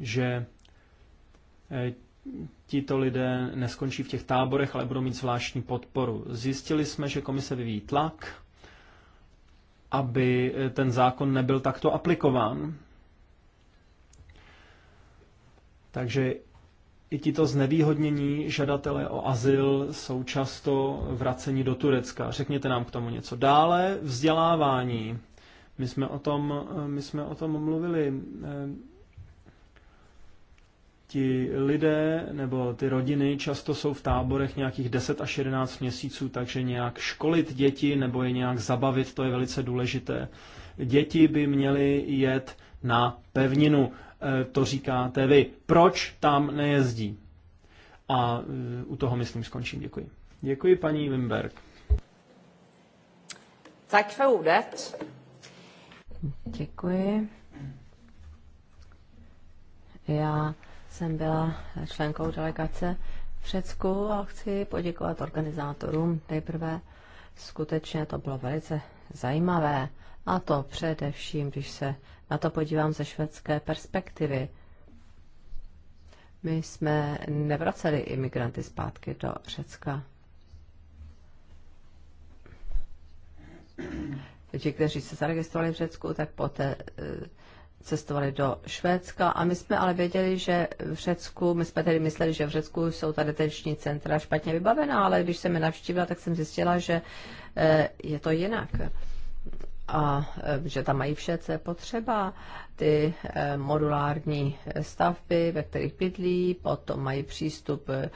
že eh, tito lidé neskončí v těch táborech, ale budou mít zvláštní podporu. Zjistili jsme, že komise vyvíjí tlak, aby ten zákon nebyl takto aplikován. Takže i tito znevýhodnění žadatelé o azyl jsou často vraceni do Turecka. Řekněte nám k tomu něco. Dále vzdělávání. My jsme o tom, my jsme o tom mluvili. Eh, ti lidé nebo ty rodiny často jsou v táborech nějakých 10 až 11 měsíců, takže nějak školit děti nebo je nějak zabavit, to je velice důležité. Děti by měly jet na pevninu. Eh, to říkáte vy. Proč tam nejezdí? A eh, u toho, myslím, skončím. Děkuji. Děkuji, paní Wimberg. Tak för ordet. Děkuji. Já jsem byla členkou delegace v Řecku a chci poděkovat organizátorům. Nejprve skutečně to bylo velice zajímavé a to především, když se na to podívám ze švédské perspektivy. My jsme nevraceli imigranty zpátky do Řecka. Ti, kteří se zaregistrovali v Řecku, tak poté e, cestovali do Švédska a my jsme ale věděli, že v Řecku, my jsme tedy mysleli, že v Řecku jsou ta detenční centra špatně vybavená, ale když jsem je navštívila, tak jsem zjistila, že e, je to jinak a e, že tam mají vše, co je potřeba. Ty e, modulární stavby, ve kterých bydlí, potom mají přístup e,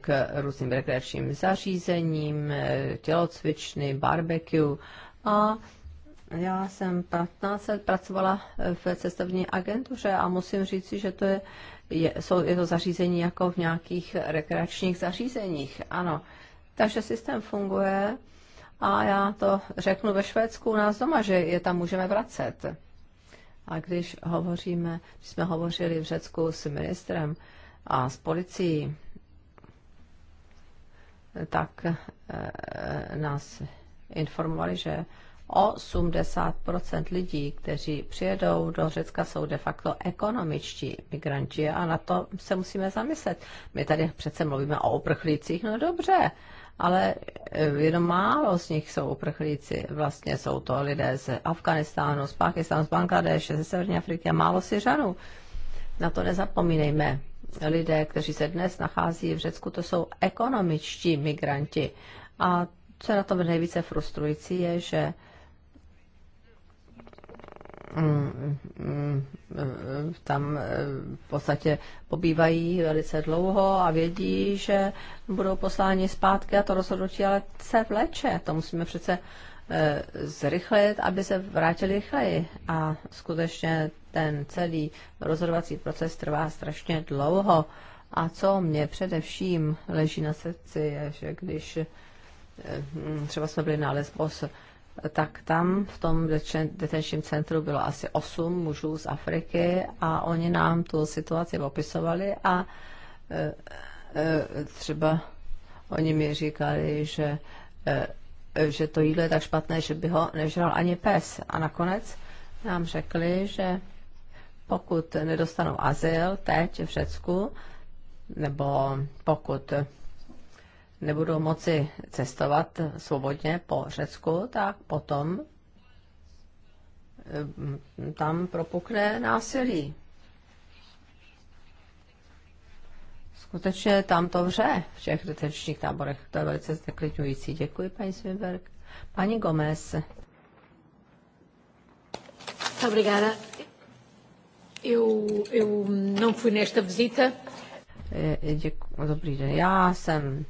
k různým rekreačním zařízením, tělocvičny, barbecue a já jsem 15 let pracovala v cestovní agentuře a musím říct, že to je, je, jsou, je to zařízení jako v nějakých rekreačních zařízeních. Ano, takže systém funguje a já to řeknu ve Švédsku u nás doma, že je tam můžeme vracet. A když hovoříme, když jsme hovořili v Řecku s ministrem a s policií, tak eh, nás informovali, že 80% lidí, kteří přijedou do Řecka, jsou de facto ekonomičtí migranti a na to se musíme zamyslet. My tady přece mluvíme o uprchlících, no dobře, ale e, jenom málo z nich jsou uprchlíci. Vlastně jsou to lidé z Afganistánu, z Pakistánu, z Bangladeše, ze Severní Afriky a málo Syřanů. Na to nezapomínejme. Lidé, kteří se dnes nachází v Řecku, to jsou ekonomičtí migranti. A co je na tom nejvíce frustrující, je, že tam eh, v podstatě pobývají velice dlouho a vědí, že budou posláni zpátky a to rozhodnutí ale se vleče. To musíme přece eh, zrychlit, aby se vrátili rychleji. A skutečně ten celý rozhodovací proces trvá strašně dlouho. A co mě především leží na srdci, je, že když eh, třeba jsme byli na Lesbos tak tam v tom detenčním centru bylo asi osm mužů z Afriky a oni nám tu situaci opisovali a e, e, třeba oni mi říkali, že, e, že to jídlo je tak špatné, že by ho nežral ani pes. A nakonec nám řekli, že pokud nedostanou azyl teď v Řecku, nebo pokud nebudou moci cestovat svobodně po Řecku, tak potom eh, tam propukne násilí. Skutečně tam to vře v těch detenčních táborech. To je velice zneklidňující. Děkuji, paní Svinberg. Pani Gomez. Obrigada. Eu, eu não fui nesta visita. Eh, eh, dobrý den. Já jsem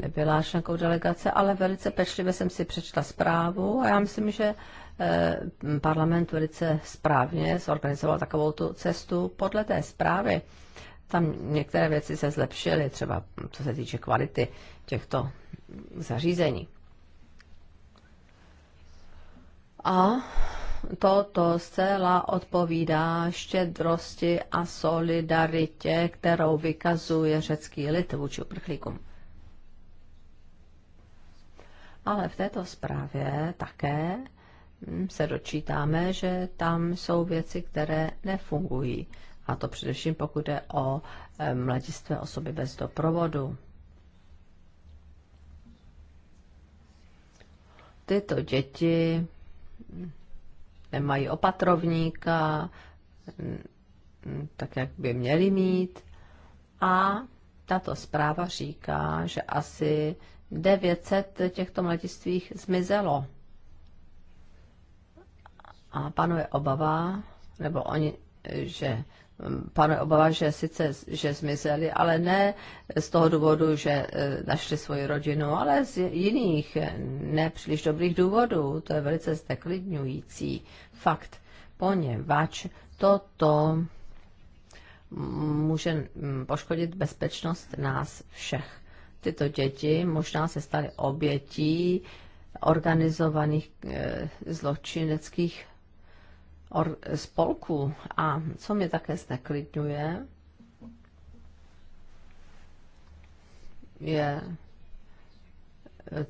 nebyla členkou delegace, ale velice pečlivě jsem si přečetla zprávu a já myslím, že eh, parlament velice správně zorganizoval takovou tu cestu podle té zprávy. Tam některé věci se zlepšily, třeba co se týče kvality těchto zařízení. A toto zcela odpovídá štědrosti a solidaritě, kterou vykazuje řecký lid vůči uprchlíkům. Ale v této zprávě také mm, se dočítáme, že tam jsou věci, které nefungují. A to především pokud jde o mladistvé osoby bez doprovodu. Tyto děti nemají opatrovníka, mm, tak jak by měli mít. A tato zpráva říká, že asi 900 těchto mladistvých zmizelo. A panuje obava, nebo oni, že mm, panuje obava, že sice že zmizeli, ale ne z toho důvodu, že e, našli svoji rodinu, ale z jiných e, nepříliš dobrých důvodů. To je velice zdeklidňující fakt, poněvadž toto mm, může mm, poškodit bezpečnost nás všech. Tyto děti možná se staly obětí organizovaných eh, zločineckých spolků. A co mě také zneklidňuje, je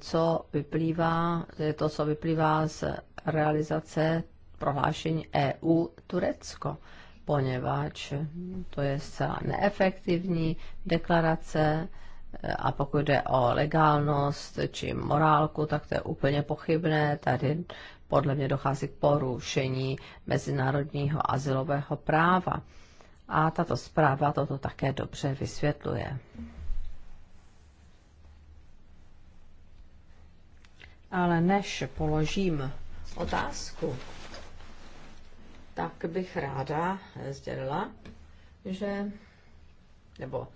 co vyplývá, je to, co vyplývá z realizace prohlášení EU Turecko, poněvadž to je zcela neefektivní deklarace, a pokud jde o legálnost či morálku, tak to je úplně pochybné. Tady podle mě dochází k porušení mezinárodního asilového práva. A tato zpráva toto také dobře vysvětluje. Ale než položím otázku, tak bych ráda sdělila, že, nebo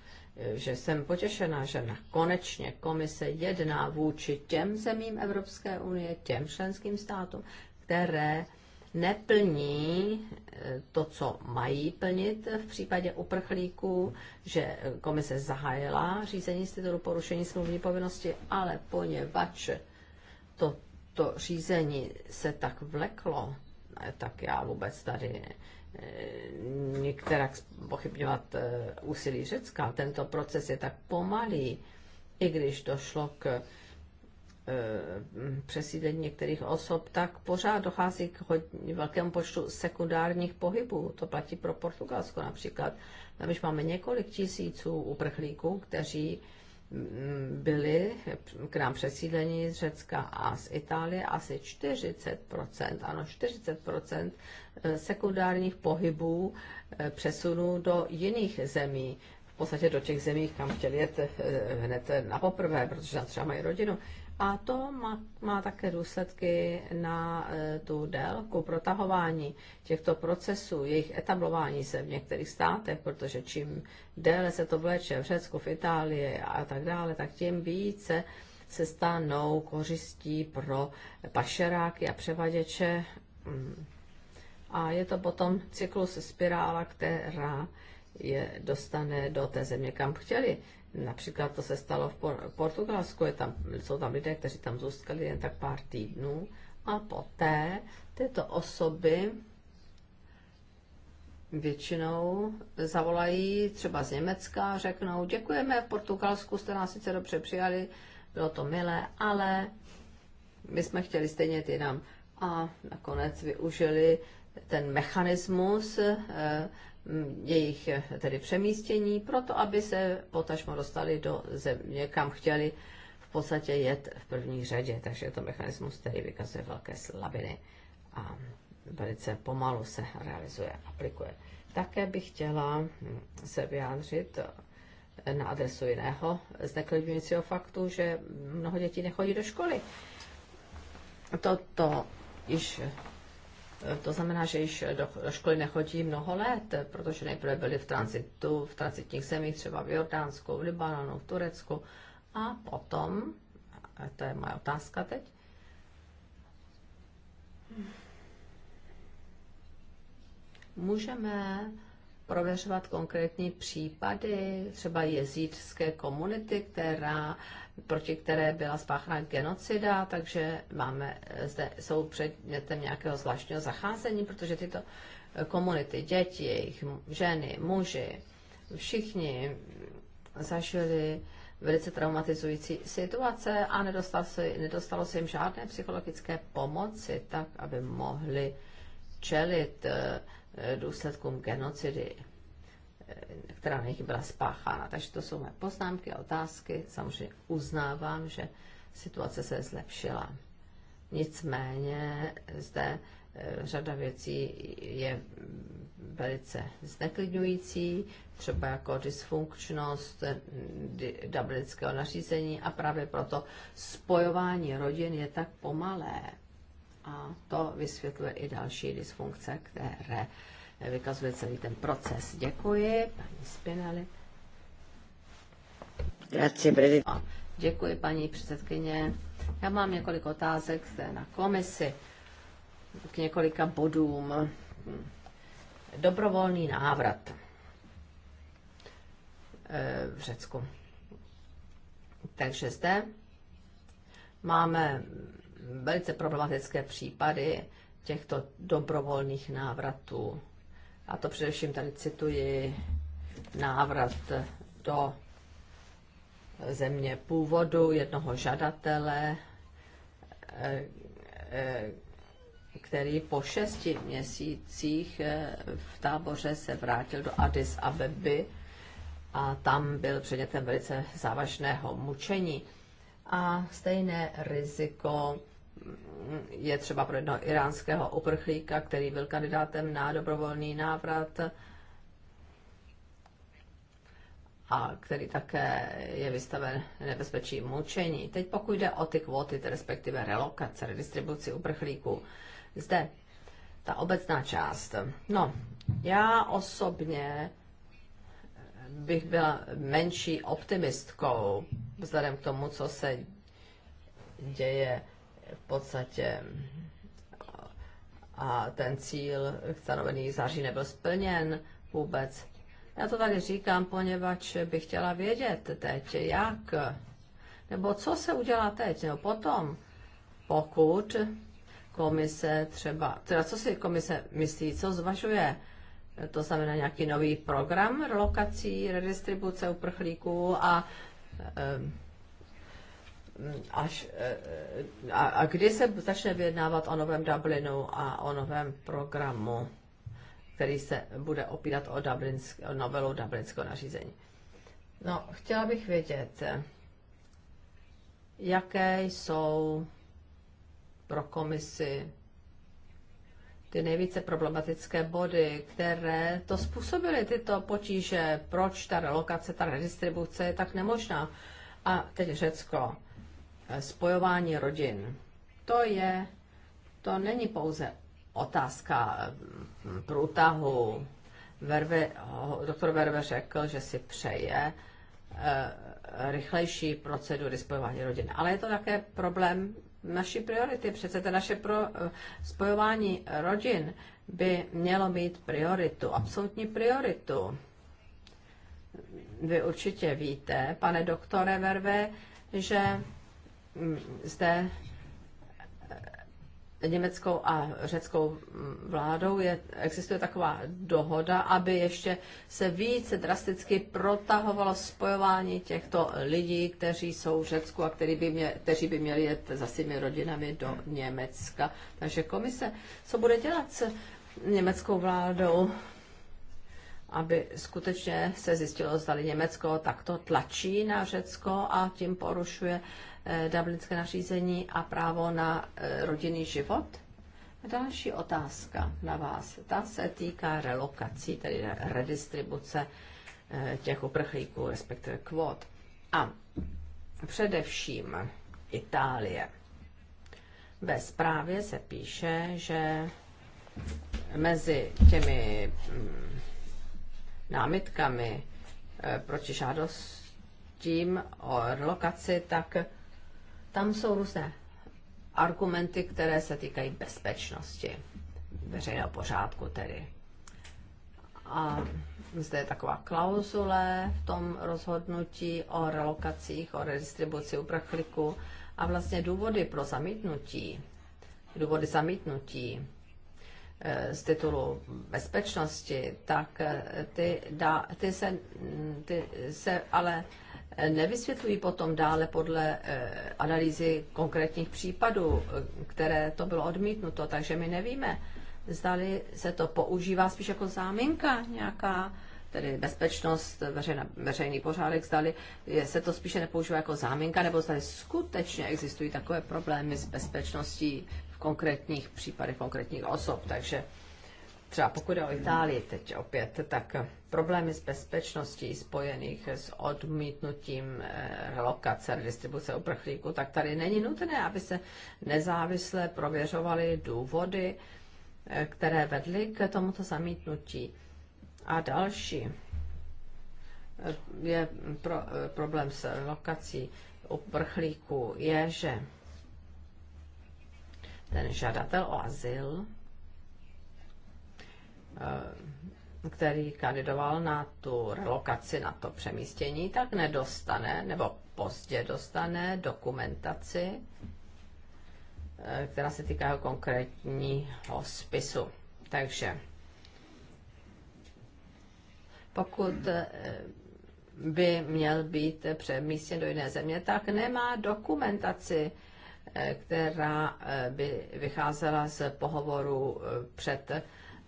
že jsem potěšená, že konečně komise jedná vůči těm zemím Evropské unie, těm členským státům, které neplní eh, to, co mají plnit v případě uprchlíků, že komise zahájila řízení z titulu porušení smluvní povinnosti, ale poněvadž to, to řízení se tak vleklo, eh, tak já vůbec tady Eh, některak pochybňovat eh, úsilí Řecka. Tento proces je tak pomalý, i když došlo k eh, přesídlení některých osob, tak pořád dochází k hodně, velkému počtu sekundárních pohybů. To platí pro Portugalsko například. Tam už máme několik tisíců uprchlíků, kteří byli k nám přesídleni z Řecka a z Itálie asi 40%, ano 40% eh, sekundárních pohybů eh, přesunů do jiných zemí. V podstatě do těch zemí, kam chtěli jet eh, hned na poprvé, protože tam třeba mají rodinu. A to má, má také důsledky na e, tu délku protahování těchto procesů, jejich etablování se v některých státech, protože čím déle se to vleče v Řecku, v Itálii a tak dále, tak tím více se stanou kořistí pro pašeráky a převaděče. Mm. A je to potom cyklus spirála, která je dostane do té země, kam chtěli. Například to se stalo v Portugalsku, je tam, jsou tam lidé, kteří tam zůstali jen tak pár týdnů a poté tyto osoby většinou zavolají třeba z Německa a řeknou, děkujeme, v Portugalsku jste nás sice dobře přijali, bylo to milé, ale my jsme chtěli stejně ty nám A nakonec využili ten mechanismus, eh, Mm, jejich eh, tedy přemístění, proto aby se potažmo dostali do země, kam chtěli v podstatě jet v první řadě. Takže to mechanismus, který vykazuje velké slabiny a velice pomalu se realizuje, aplikuje. Také bych chtěla mm, se vyjádřit eh, na adresu jiného zneklidňujícího faktu, že mnoho dětí nechodí do školy. Toto již to znamená, že již do, do školy nechodí mnoho let, protože nejprve byli v transitu, v transitních zemích, třeba v Jordánsku, v Libanonu, v Turecku. A potom, a to je moje otázka teď, můžeme prověřovat konkrétní případy, třeba jezídské komunity, která proti které byla spáchána genocida, takže máme, eh, zde jsou předmětem nějakého zvláštního zacházení, protože tyto eh, komunity, děti, jejich ženy, muži, všichni zažili velice traumatizující situace a nedostalo se, nedostalo se jim žádné psychologické pomoci, tak aby mohli čelit eh, důsledkům genocidy která na nich byla spáchána. Takže to jsou mé poznámky a otázky. Samozřejmě uznávám, že situace se zlepšila. Nicméně zde eh, řada věcí je velice zneklidňující, třeba jako dysfunkčnost eh, dublinského nařízení a právě proto spojování rodin je tak pomalé. A to vysvětluje i další dysfunkce, které vykazuje celý ten proces. Děkuji, paní Spinelli. Grazie, Děkuji, paní předsedkyně. Já mám několik otázek na komisi k několika bodům. Dobrovolný návrat eh, v Řecku. Takže zde máme velice problematické případy těchto dobrovolných návratů a to především tady cituji návrat do země původu jednoho žadatele, eh, eh, který po šesti měsících eh, v táboře se vrátil do Addis Abeby a tam byl předmětem velice závažného mučení. A stejné riziko je třeba pro jednoho iránského uprchlíka, který byl kandidátem na dobrovolný návrat a který také je vystaven nebezpečí mučení. Teď pokud jde o ty kvóty, respektive relokace, redistribuci uprchlíků, zde ta obecná část. No, já osobně bych byla menší optimistkou vzhledem k tomu, co se děje v podstatě a ten cíl stanovený v září nebyl splněn vůbec. Já to tady říkám, poněvadž bych chtěla vědět teď, jak, nebo co se udělá teď, nebo potom, pokud komise třeba, teda co si komise myslí, co zvažuje, to znamená nějaký nový program relokací, redistribuce uprchlíků a e, až, eh, eh, a, a kdy se začne vyjednávat o novém Dublinu a o novém programu, který se bude opírat o, Dublinsk, o novelu Dublinského nařízení? No, chtěla bych vědět, jaké jsou pro komisi ty nejvíce problematické body, které to způsobily, tyto potíže, proč ta relokace, ta redistribuce je tak nemožná. A teď Řecko. Eh, spojování rodin. To je, to není pouze otázka eh, průtahu. Verve, doktor Verve řekl, že si přeje eh, rychlejší procedury spojování rodin. Ale je to také problém naší priority. Přece to naše pro, spojování rodin by mělo mít prioritu, absolutní prioritu. Vy určitě víte, pane doktore Verve, že zde eh, německou a řeckou vládou je, existuje taková dohoda, aby ještě se více drasticky protahovalo spojování těchto lidí, kteří jsou v Řecku a který by mě, kteří by měli jet za svými rodinami do Německa. Takže komise, co bude dělat s německou vládou, aby skutečně se zjistilo, zda Německo takto tlačí na Řecko a tím porušuje uh, Eh, dublinské nařízení a právo na eh, rodinný život? Další otázka na vás. Ta se týká relokací, tedy redistribuce eh, těch uprchlíků, respektive kvot. A především Itálie. Ve zprávě se píše, že mezi těmi mm, námitkami proti žádostím o relokaci, tak tam jsou různé argumenty, které se týkají bezpečnosti, veřejného pořádku tedy. A zde je taková klauzule v tom rozhodnutí o relokacích, o redistribuci uprchlíků a vlastně důvody pro zamítnutí, důvody zamítnutí eh, z titulu bezpečnosti, tak eh, ty, dá, ty, se, mm, ty se ale nevysvětlují potom dále podle eh, analýzy konkrétních případů, eh, které to bylo odmítnuto, takže my nevíme, zdali se to používá spíš jako záminka nějaká, tedy bezpečnost, veřejna, veřejný pořádek, zdali je, se to spíše nepoužívá jako záminka, nebo zdali skutečně existují takové problémy s bezpečností v konkrétních případech konkrétních osob. Takže třeba pokud je o Itálii teď opět, tak problémy s bezpečností spojených s odmítnutím eh, relokace, distribuce uprchlíků, tak tady není nutné, aby se nezávisle prověřovaly důvody, eh, které vedly k tomuto zamítnutí. A další eh, je pro, problém s relokací uprchlíků je, že ten žadatel o azyl Eh, který kandidoval na tu relokaci, na to přemístění, tak nedostane, nebo pozdě dostane dokumentaci, eh, která se týká jeho konkrétního spisu. Takže pokud eh, by měl být přemístěn do jiné země, tak nemá dokumentaci, která by vycházela z pohovoru před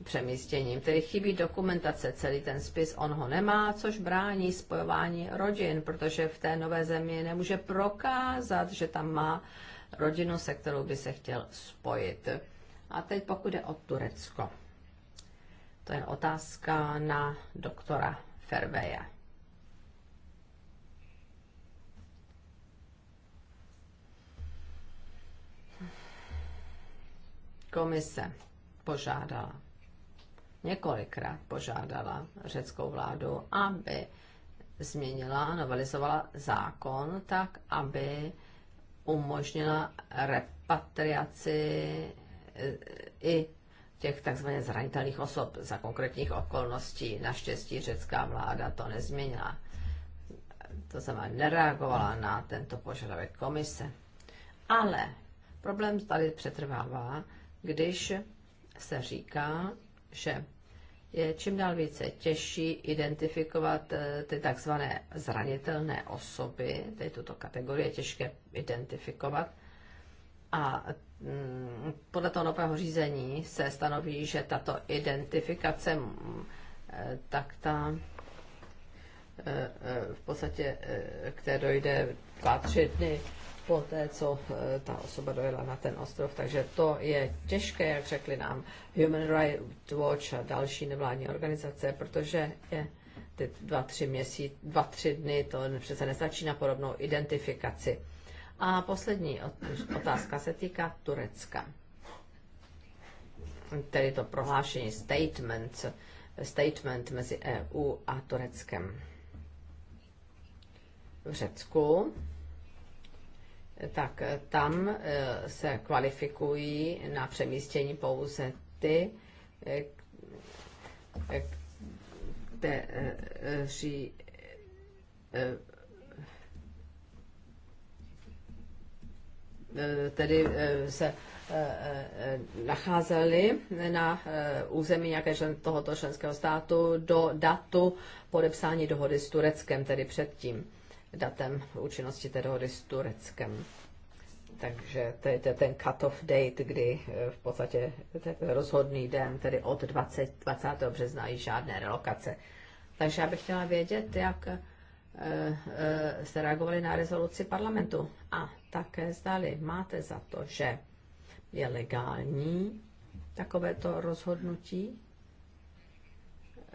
přemístěním. Tedy chybí dokumentace, celý ten spis on ho nemá, což brání spojování rodin, protože v té nové zemi nemůže prokázat, že tam má rodinu, se kterou by se chtěl spojit. A teď pokud je o Turecko. To je otázka na doktora Ferveje. Komise požádala několikrát požádala řeckou vládu, aby změnila a novelizovala zákon tak, aby umožnila repatriaci eh, i těch takzvaně zranitelných osob za konkrétních okolností. Naštěstí řecká vláda to nezměnila. To znamená, nereagovala na tento požadavek komise. Ale problém tady přetrvává, když se říká, že je čím dál více těžší identifikovat eh, ty takzvané zranitelné osoby, tedy tuto kategorii je těžké identifikovat. A mm, podle toho nového řízení se stanoví, že tato identifikace, mm, eh, tak ta eh, v podstatě, které dojde dva, tři dny po té, co eh, ta osoba dojela na ten ostrov. Takže to je těžké, jak řekli nám Human Rights Watch a další nevládní organizace, protože je ty dva, tři měsíc, dva, tři dny, to přece nestačí na podobnou identifikaci. A poslední otázka se týká Turecka. Tedy to prohlášení statement, statement mezi EU a Tureckem. V Řecku tak eh, tam eh, se kvalifikují na přemístění pouze ty, eh, kteří tedy se nacházeli na území nějaké tohoto členského státu do datu podepsání dohody s Tureckem, tedy předtím datem účinnosti té dohody s Tureckem. Takže to je ten cut-off date, kdy eh, v podstatě rozhodný den, tedy od 20, 20. března, již žádné relokace. Takže já bych chtěla vědět, jak eh, eh, jste reagovali na rezoluci parlamentu a také zdali máte za to, že je legální takovéto rozhodnutí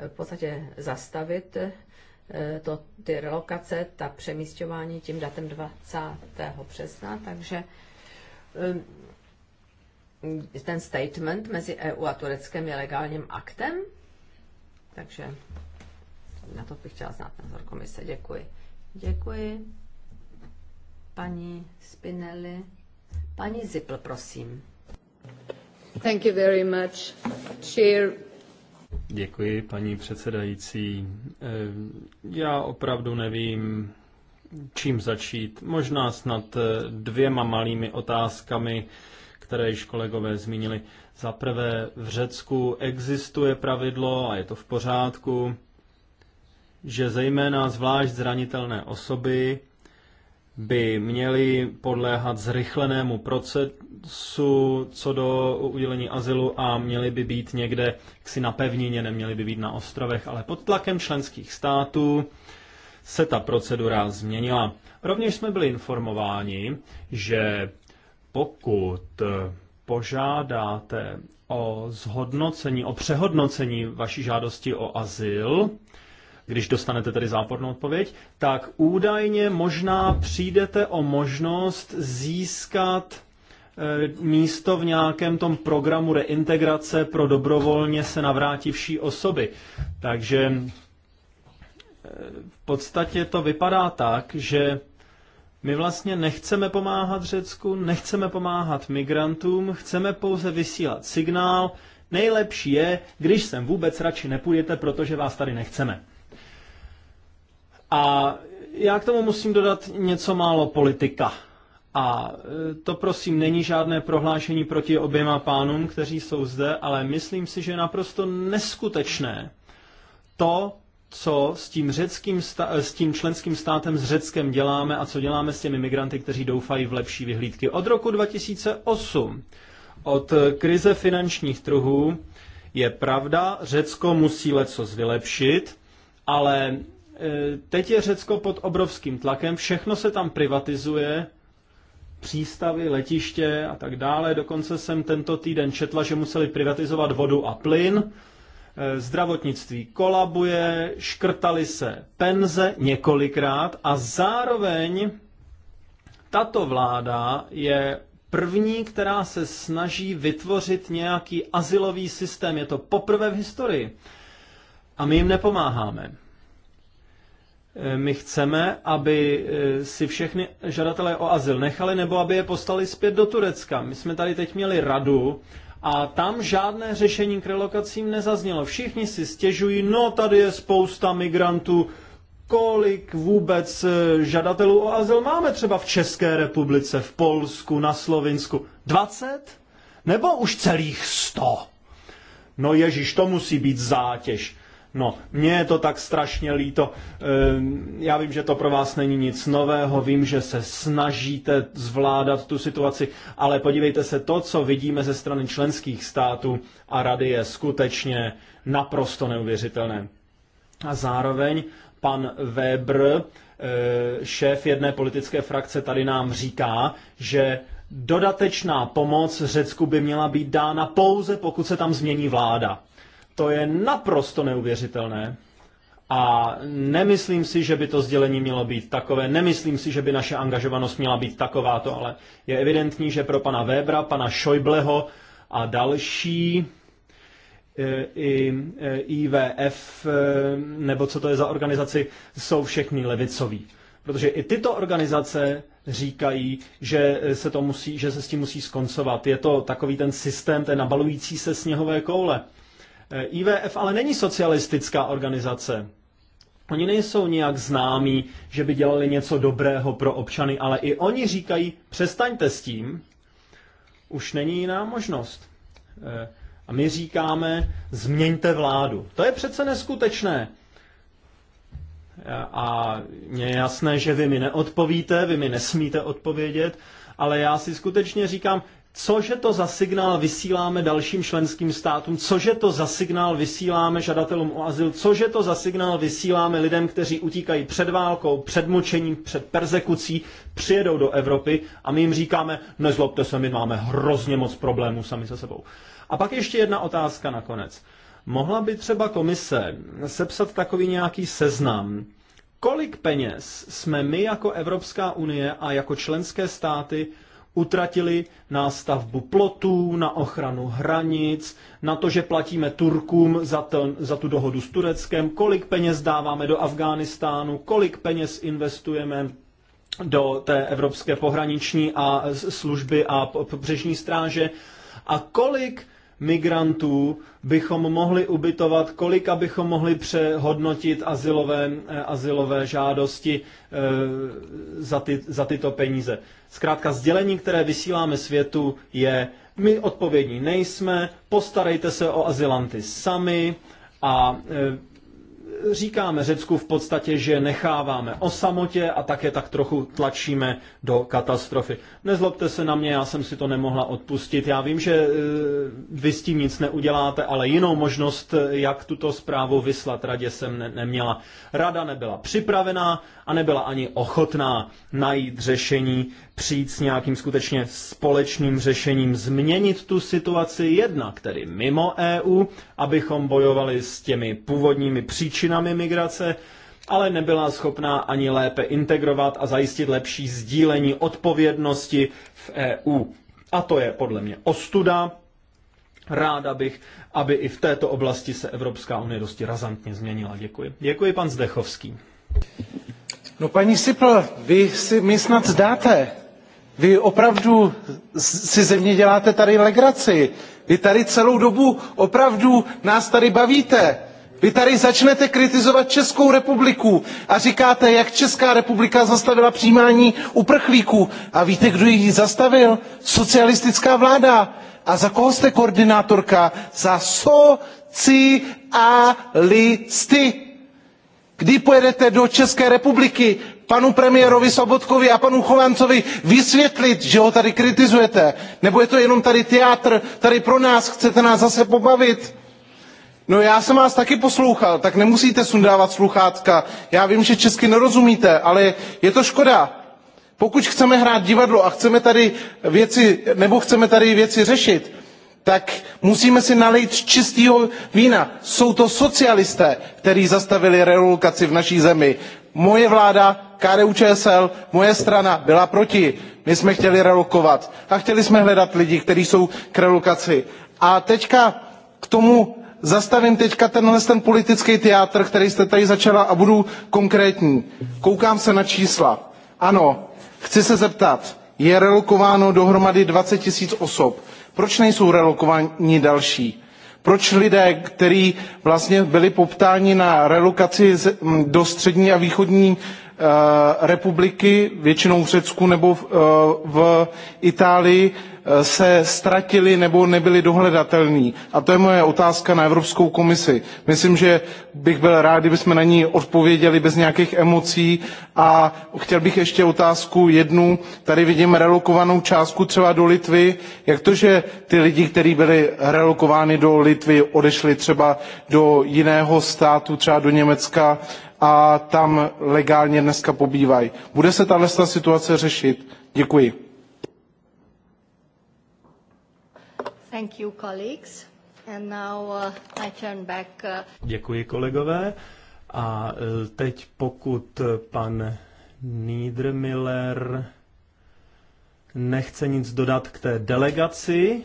v podstatě zastavit Eh, to, ty relokace, ta přemístování tím datem 20. března, takže eh, ten statement mezi EU a Tureckem je legálním aktem, takže na to bych chtěla znát názor komise. Děkuji. Děkuji. Paní Spinelli. Paní Zipl, prosím. Thank you very much, Chair. Děkuji, paní předsedající. Eh, já opravdu nevím, čím začít. Možná snad eh, dvěma malými otázkami, které již kolegové zmínili. Za prvé, v Řecku existuje pravidlo, a je to v pořádku, že zejména zvlášť zranitelné osoby by měli podléhat zrychlenému procesu co do udělení azylu a měli by být někde ksi na pevnině, neměli by být na ostrovech, ale pod tlakem členských států se ta procedura změnila. Rovněž jsme byli informováni, že pokud požádáte o zhodnocení, o přehodnocení vaší žádosti o azyl, když dostanete tedy zápornou odpověď, tak údajně možná přijdete o možnost získat eh, místo v nějakém tom programu reintegrace pro dobrovolně se navrátivší osoby. Takže eh, v podstatě to vypadá tak, že my vlastně nechceme pomáhat Řecku, nechceme pomáhat migrantům, chceme pouze vysílat signál, nejlepší je, když sem vůbec radši nepůjdete, protože vás tady nechceme. A já k tomu musím dodat něco málo politika. A e, to prosím není žádné prohlášení proti oběma pánům, kteří jsou zde, ale myslím si, že je naprosto neskutečné to, co s tím, řeckým e, s tím členským státem s Řeckem děláme a co děláme s těmi migranty, kteří doufají v lepší vyhlídky. Od roku 2008, od krize finančních trhů, je pravda, Řecko musí leco vylepšit, ale E, teď je Řecko pod obrovským tlakem, všechno se tam privatizuje, přístavy, letiště a tak dále. Dokonce jsem tento týden četla, že museli privatizovat vodu a plyn. E, zdravotnictví kolabuje, škrtali se penze několikrát a zároveň tato vláda je první, která se snaží vytvořit nějaký asilový systém. Je to poprvé v historii. A my jim nepomáháme. Eh, my chceme, aby eh, si všechny žadatelé o azyl nechali nebo aby je postali zpět do Turecka. My jsme tady teď měli radu a tam žádné řešení k relokacím nezaznělo. Všichni si stěžují, no tady je spousta migrantů, kolik vůbec eh, žadatelů o azyl máme třeba v České republice, v Polsku, na Slovinsku? 20? Nebo už celých 100? No ježíš, to musí být zátěž. No, mně je to tak strašně líto. Ehm, já vím, že to pro vás není nic nového, vím, že se snažíte zvládat tu situaci, ale podívejte se, to, co vidíme ze strany členských států a rady, je skutečně naprosto neuvěřitelné. A zároveň pan Weber, eh, šéf jedné politické frakce, tady nám říká, že dodatečná pomoc Řecku by měla být dána pouze, pokud se tam změní vláda. To je naprosto neuvěřitelné. A nemyslím si, že by to sdělení mělo být takové, nemyslím si, že by naše angažovanost měla být takováto, ale je evidentní, že pro pana Webra, pana Schäubleho a další eh, i eh, IVF, eh, nebo co to je za organizaci, jsou všechny levicoví. Protože i tyto organizace říkají, že se, to musí, že se s tím musí skoncovat. Je to takový ten systém ten nabalující se sněhové koule Eh, IVF ale není socialistická organizace. Oni nejsou nijak známí, že by dělali něco dobrého pro občany, ale i oni říkají, přestaňte s tím, už není jiná možnost. Eh, a my říkáme, změňte vládu. To je přece neskutečné. Eh, a mě je jasné, že vy mi neodpovíte, vy mi nesmíte odpovědět, ale já si skutečně říkám, Cože to za signál vysíláme dalším členským státům? Cože to za signál vysíláme žadatelům o azyl? Cože to za signál vysíláme lidem, kteří utíkají před válkou, před mučením, před persekucí, přijedou do Evropy a my jim říkáme, nezlobte se, my máme hrozně moc problémů sami se sebou. A pak ještě jedna otázka nakonec. Mohla by třeba komise sepsat takový nějaký seznam, kolik peněz jsme my jako Evropská unie a jako členské státy utratili na stavbu plotů, na ochranu hranic, na to, že platíme Turkům za, ten, za tu dohodu s Tureckem, kolik peněz dáváme do Afghánistánu, kolik peněz investujeme do té evropské pohraniční a služby a pobřežní stráže a kolik migrantů bychom mohli ubytovat, kolika bychom mohli přehodnotit asilové, eh, azylové žádosti eh, za, ty, za tyto peníze. Zkrátka sdělení, které vysíláme světu, je my odpovědní nejsme, postarejte se o azylanty sami a eh, říkáme Řecku v podstatě, že necháváme o samotě a také tak trochu tlačíme do katastrofy. Nezlobte se na mě, já jsem si to nemohla odpustit. Já vím, že eh, vy s tím nic neuděláte, ale jinou možnost, eh, jak tuto zprávu vyslat radě jsem ne- neměla. Rada nebyla připravená, a nebyla ani ochotná najít řešení, přijít s nějakým skutečně společným řešením, změnit tu situaci jednak tedy mimo EU, abychom bojovali s těmi původními příčinami migrace, ale nebyla schopná ani lépe integrovat a zajistit lepší sdílení odpovědnosti v EU. A to je podle mě ostuda. Ráda bych, aby i v této oblasti se Evropská unie dosti razantně změnila. Děkuji. Děkuji, pan Zdechovský. No paní Sipl, vy si mi snad zdáte. Vy opravdu si ze mě děláte tady legraci. Vy tady celou dobu opravdu nás tady bavíte. Vy tady začnete kritizovat Českou republiku a říkáte, jak Česká republika zastavila přijímání uprchlíků. A víte, kdo ji zastavil? Socialistická vláda. A za koho jste koordinátorka? Za socialisty. Kdy pojedete do České republiky panu premiérovi Sobotkovi a panu Chovancovi vysvětlit, že ho tady kritizujete? Nebo je to jenom tady teatr, tady pro nás, chcete nás zase pobavit? No já jsem vás taky poslouchal, tak nemusíte sundávat sluchátka. Já vím, že česky nerozumíte, ale je to škoda. Pokud chceme hrát divadlo a chceme tady věci, nebo chceme tady věci řešit, tak musíme si nalít čistého vína. Jsou to socialisté, kteří zastavili relokaci v naší zemi. Moje vláda, KDU ČSL, moje strana byla proti. My jsme chtěli relokovat a chtěli jsme hledat lidi, kteří jsou k relokaci. A teďka k tomu zastavím teďka tenhle ten politický teátr, který jste tady začala a budu konkrétní. Koukám se na čísla. Ano, chci se zeptat, je relokováno dohromady 20 000 osob proč nejsou relokováni další? Proč lidé, kteří vlastně byli poptáni na relokaci mm, do střední a východní eh, republiky, většinou v Řecku nebo v eh, Itálii, se ztratily nebo nebyly dohledatelné. A to je moje otázka na Evropskou komisi. Myslím, že bych byl rád, kdybychom na ní odpověděli bez nějakých emocí. A chtěl bych ještě otázku jednu. Tady vidím relokovanou částku třeba do Litvy. Jak to, že ty lidi, kteří byli relokováni do Litvy, odešli třeba do jiného státu, třeba do Německa, a tam legálně dneska pobývají. Bude se tahle situace řešit? Děkuji. Thank you, colleagues. And now uh, I turn back. Uh, Děkuji kolegové. A eh, teď pokud pan Niedermiller nechce nic dodat k té delegaci,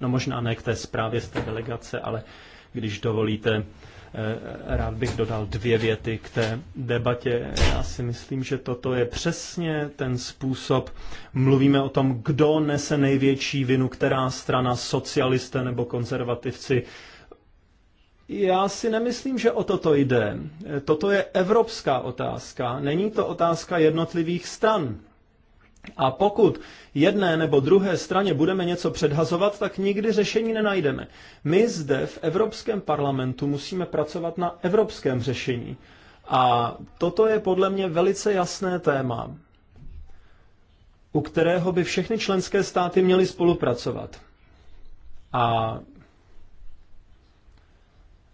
no možná ne k té zprávě z té delegace, ale když dovolíte, Eh, rád bych dodal dvě věty k té debatě. Já si myslím, že toto je přesně ten způsob. Mluvíme o tom, kdo nese největší vinu, která strana, socialisté nebo konzervativci. Já si nemyslím, že o toto jde. Eh, toto je evropská otázka, není to otázka jednotlivých stran. A pokud jedné nebo druhé straně budeme něco předhazovat, tak nikdy řešení nenajdeme. My zde v Evropském parlamentu musíme pracovat na evropském řešení. A toto je podle mě velice jasné téma, u kterého by všechny členské státy měly spolupracovat. A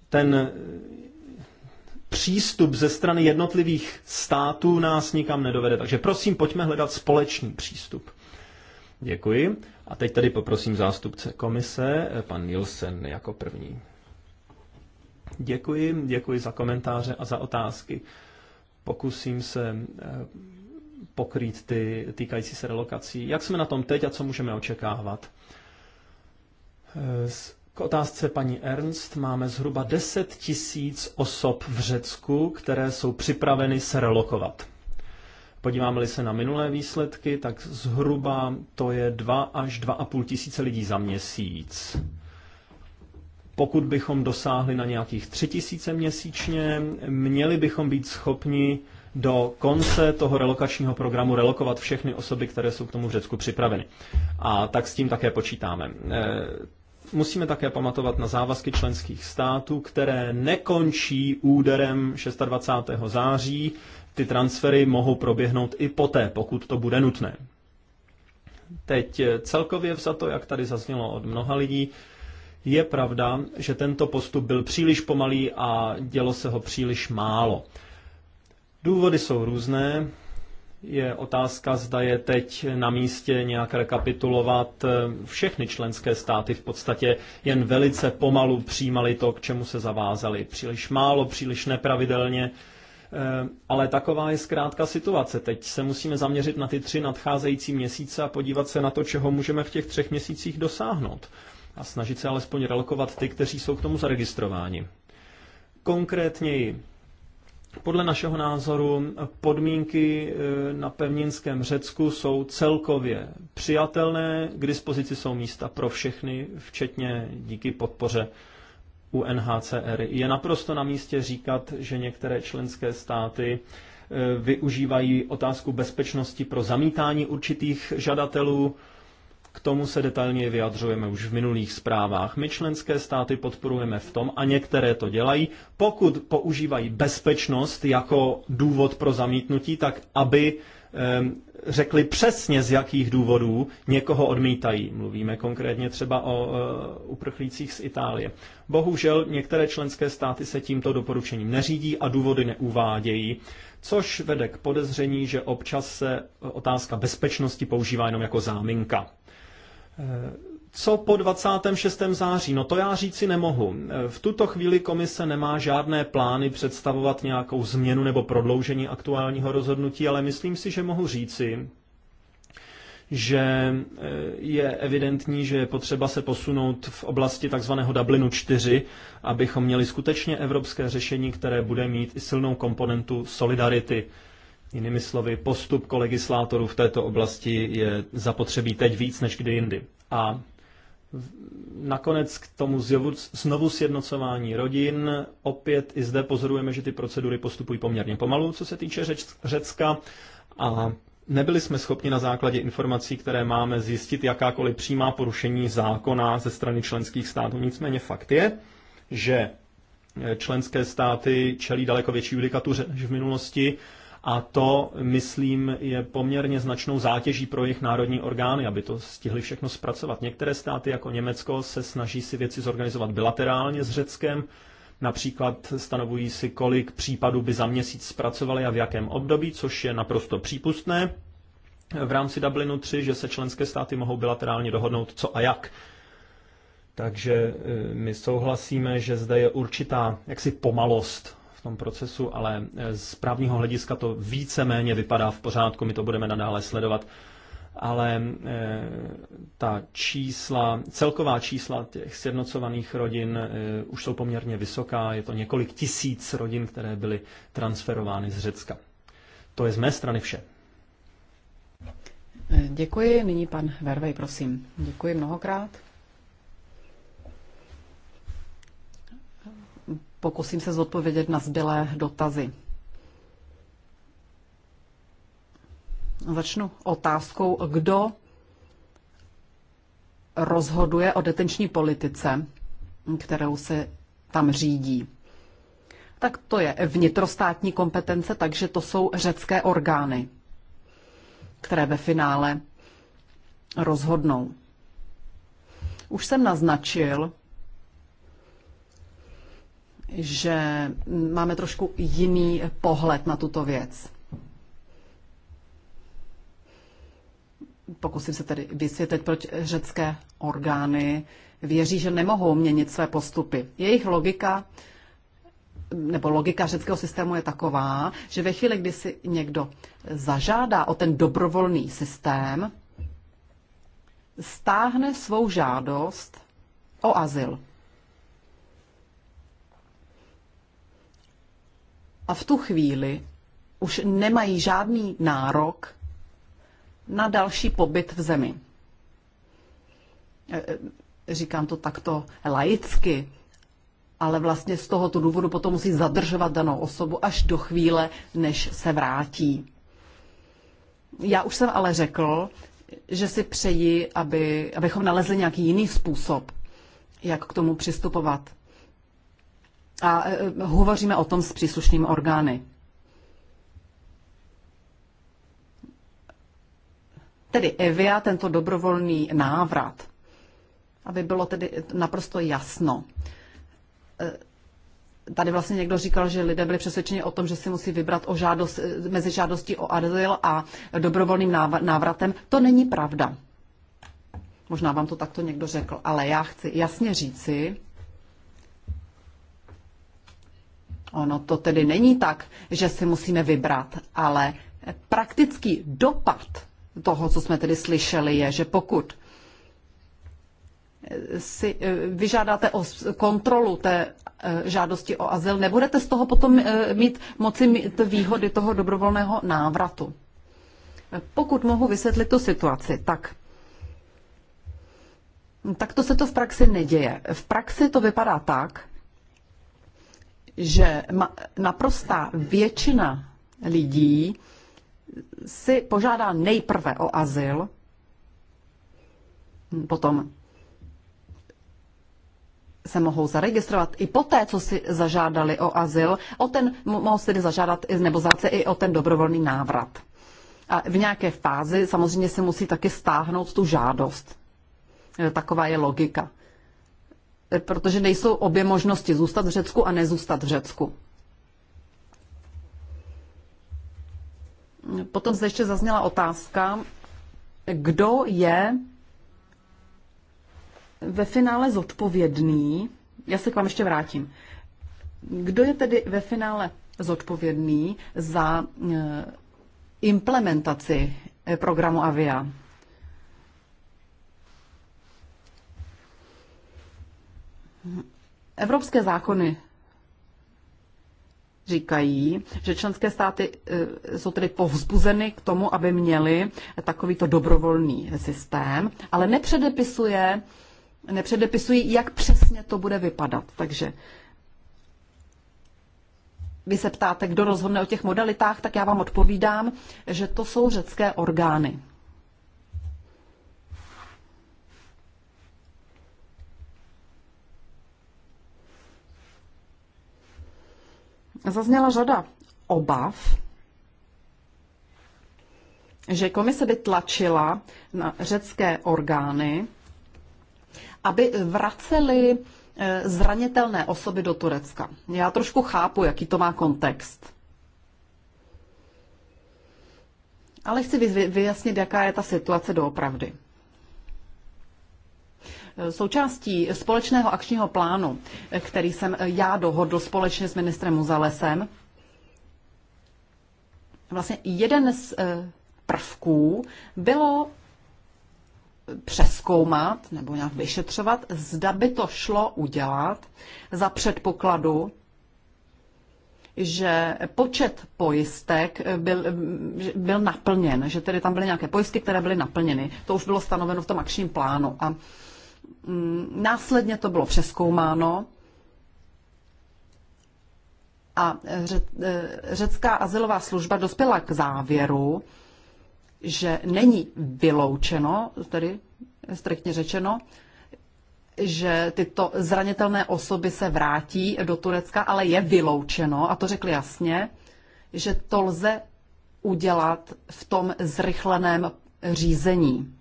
ten přístup ze strany jednotlivých států nás nikam nedovede. Takže prosím, pojďme hledat společný přístup. Děkuji. A teď tady poprosím zástupce komise, pan Nielsen jako první. Děkuji, děkuji za komentáře a za otázky. Pokusím se eh, pokrýt ty týkající se relokací. Jak jsme na tom teď a co můžeme očekávat? Eh, k otázce paní Ernst máme zhruba 10 tisíc osob v Řecku, které jsou připraveny se relokovat. Podíváme-li se na minulé výsledky, tak zhruba to je 2 až 2,5 tisíce lidí za měsíc. Pokud bychom dosáhli na nějakých 3 tisíce měsíčně, měli bychom být schopni do konce toho relokačního programu relokovat všechny osoby, které jsou k tomu v Řecku připraveny. A tak s tím také počítáme. Eh, Musíme také pamatovat na závazky členských států, které nekončí úderem 26. září. Ty transfery mohou proběhnout i poté, pokud to bude nutné. Teď celkově to, jak tady zaznělo od mnoha lidí, je pravda, že tento postup byl příliš pomalý a dělo se ho příliš málo. Důvody jsou různé je otázka, zda je teď na místě nějak rekapitulovat. Eh, všechny členské státy v podstatě jen velice pomalu přijímali to, k čemu se zavázali. Příliš málo, příliš nepravidelně, eh, ale taková je zkrátka situace. Teď se musíme zaměřit na ty tři nadcházející měsíce a podívat se na to, čeho můžeme v těch třech měsících dosáhnout. A snažit se alespoň relokovat ty, kteří jsou k tomu zaregistrováni. Konkrétněji, podle našeho názoru podmínky eh, na pevninském Řecku jsou celkově přijatelné, k dispozici jsou místa pro všechny, včetně díky podpoře UNHCR. Je naprosto na místě říkat, že některé členské státy eh, využívají otázku bezpečnosti pro zamítání určitých žadatelů, k tomu se detailně vyjadřujeme už v minulých zprávách. My členské státy podporujeme v tom, a některé to dělají, pokud používají bezpečnost jako důvod pro zamítnutí, tak aby ehm, řekli přesně, z jakých důvodů někoho odmítají. Mluvíme konkrétně třeba o e, uprchlících z Itálie. Bohužel některé členské státy se tímto doporučením neřídí a důvody neuvádějí, což vede k podezření, že občas se e, otázka bezpečnosti používá jenom jako záminka. Co po 26. září? No to já říci nemohu. V tuto chvíli komise nemá žádné plány představovat nějakou změnu nebo prodloužení aktuálního rozhodnutí, ale myslím si, že mohu říci, že eh, je evidentní, že je potřeba se posunout v oblasti takzvaného Dublinu 4, abychom měli skutečně evropské řešení, které bude mít i silnou komponentu solidarity Jinými slovy, postup kolegislátorů v této oblasti je zapotřebí teď víc než kdy jindy. A nakonec k tomu znovu sjednocování rodin. Opět i zde pozorujeme, že ty procedury postupují poměrně pomalu, co se týče Řecka. A nebyli jsme schopni na základě informací, které máme, zjistit jakákoliv přímá porušení zákona ze strany členských států. Nicméně fakt je, že členské státy čelí daleko větší judikatuře než v minulosti a to, myslím, je poměrně značnou zátěží pro jejich národní orgány, aby to stihli všechno zpracovat. Některé státy, jako Německo, se snaží si věci zorganizovat bilaterálně s Řeckem, Například stanovují si, kolik případů by za měsíc zpracovali a v jakém období, což je naprosto přípustné v rámci Dublinu 3, že se členské státy mohou bilaterálně dohodnout, co a jak. Takže e, my souhlasíme, že zde je určitá jaksi pomalost tom procesu, ale eh, z právního hlediska to víceméně vypadá v pořádku, my to budeme nadále sledovat. Ale eh, ta čísla, celková čísla těch sjednocovaných rodin eh, už jsou poměrně vysoká, je to několik tisíc rodin, které byly transferovány z Řecka. To je z mé strany vše. Děkuji. Nyní pan Vervej, prosím. Děkuji mnohokrát. pokusím se zodpovědět na zbylé dotazy. Začnu otázkou, kdo rozhoduje o detenční politice, kterou se tam řídí. Tak to je vnitrostátní kompetence, takže to jsou řecké orgány, které ve finále rozhodnou. Už jsem naznačil, že máme trošku jiný pohled na tuto věc. Pokusím se tedy vysvětlit, proč řecké orgány věří, že nemohou měnit své postupy. Jejich logika nebo logika řeckého systému je taková, že ve chvíli, kdy si někdo zažádá o ten dobrovolný systém, stáhne svou žádost o azyl. a v tu chvíli už nemají žádný nárok na další pobyt v zemi. E, e, říkám to takto laicky, ale vlastně z tohoto důvodu potom musí zadržovat danou osobu až do chvíle, než se vrátí. Já už jsem ale řekl, že si přeji, aby, abychom nalezli nějaký jiný způsob, jak k tomu přistupovat a e, hovoříme o tom s příslušnými orgány. Tedy EVIA, tento dobrovolný návrat, aby bylo tedy naprosto jasno. E, tady vlastně někdo říkal, že lidé byli přesvědčeni o tom, že si musí vybrat o žádost, e, mezi žádostí o azyl a dobrovolným návratem. To není pravda. Možná vám to takto někdo řekl, ale já chci jasně říci, Ono to tedy není tak, že si musíme vybrat, ale praktický dopad toho, co jsme tedy slyšeli, je, že pokud si eh, vyžádáte o kontrolu té eh, žádosti o azyl, nebudete z toho potom eh, mít moci mít výhody toho dobrovolného návratu. Pokud mohu vysvětlit tu situaci, tak tak to se to v praxi neděje. V praxi to vypadá tak, že naprostá většina lidí si požádá nejprve o azyl, potom se mohou zaregistrovat i poté, co si zažádali o azyl, o ten mohou si zažádat nebo zase i o ten dobrovolný návrat. A v nějaké fázi samozřejmě se musí taky stáhnout tu žádost. E, taková je logika protože nejsou obě možnosti zůstat v Řecku a nezůstat v Řecku. Potom zde ještě zazněla otázka, kdo je ve finále zodpovědný, já se k vám ještě vrátím, kdo je tedy ve finále zodpovědný za eh, implementaci programu AVIA? Evropské zákony říkají, že členské státy e, jsou tedy povzbuzeny k tomu, aby měli takovýto dobrovolný systém, ale nepředepisuje, nepředepisují, jak přesně to bude vypadat. Takže vy se ptáte, kdo rozhodne o těch modalitách, tak já vám odpovídám, že to jsou řecké orgány. zazněla řada obav, že komise by tlačila na řecké orgány, aby vraceli eh, zranitelné osoby do Turecka. Já trošku chápu, jaký to má kontext. Ale chci vyjasnit, jaká je ta situace doopravdy. Součástí společného akčního plánu, který jsem já dohodl společně s ministrem Muzalesem, vlastně jeden z eh, prvků bylo přeskoumat nebo nějak vyšetřovat, zda by to šlo udělat za předpokladu, že počet pojistek byl, byl naplněn, že tedy tam byly nějaké pojistky, které byly naplněny. To už bylo stanoveno v tom akčním plánu. A Mm, následně to bylo přeskoumáno a e, řecká asilová služba dospěla k závěru, že není vyloučeno, tedy striktně řečeno, že tyto zranitelné osoby se vrátí do Turecka, ale je vyloučeno, a to řekli jasně, že to lze udělat v tom zrychleném řízení.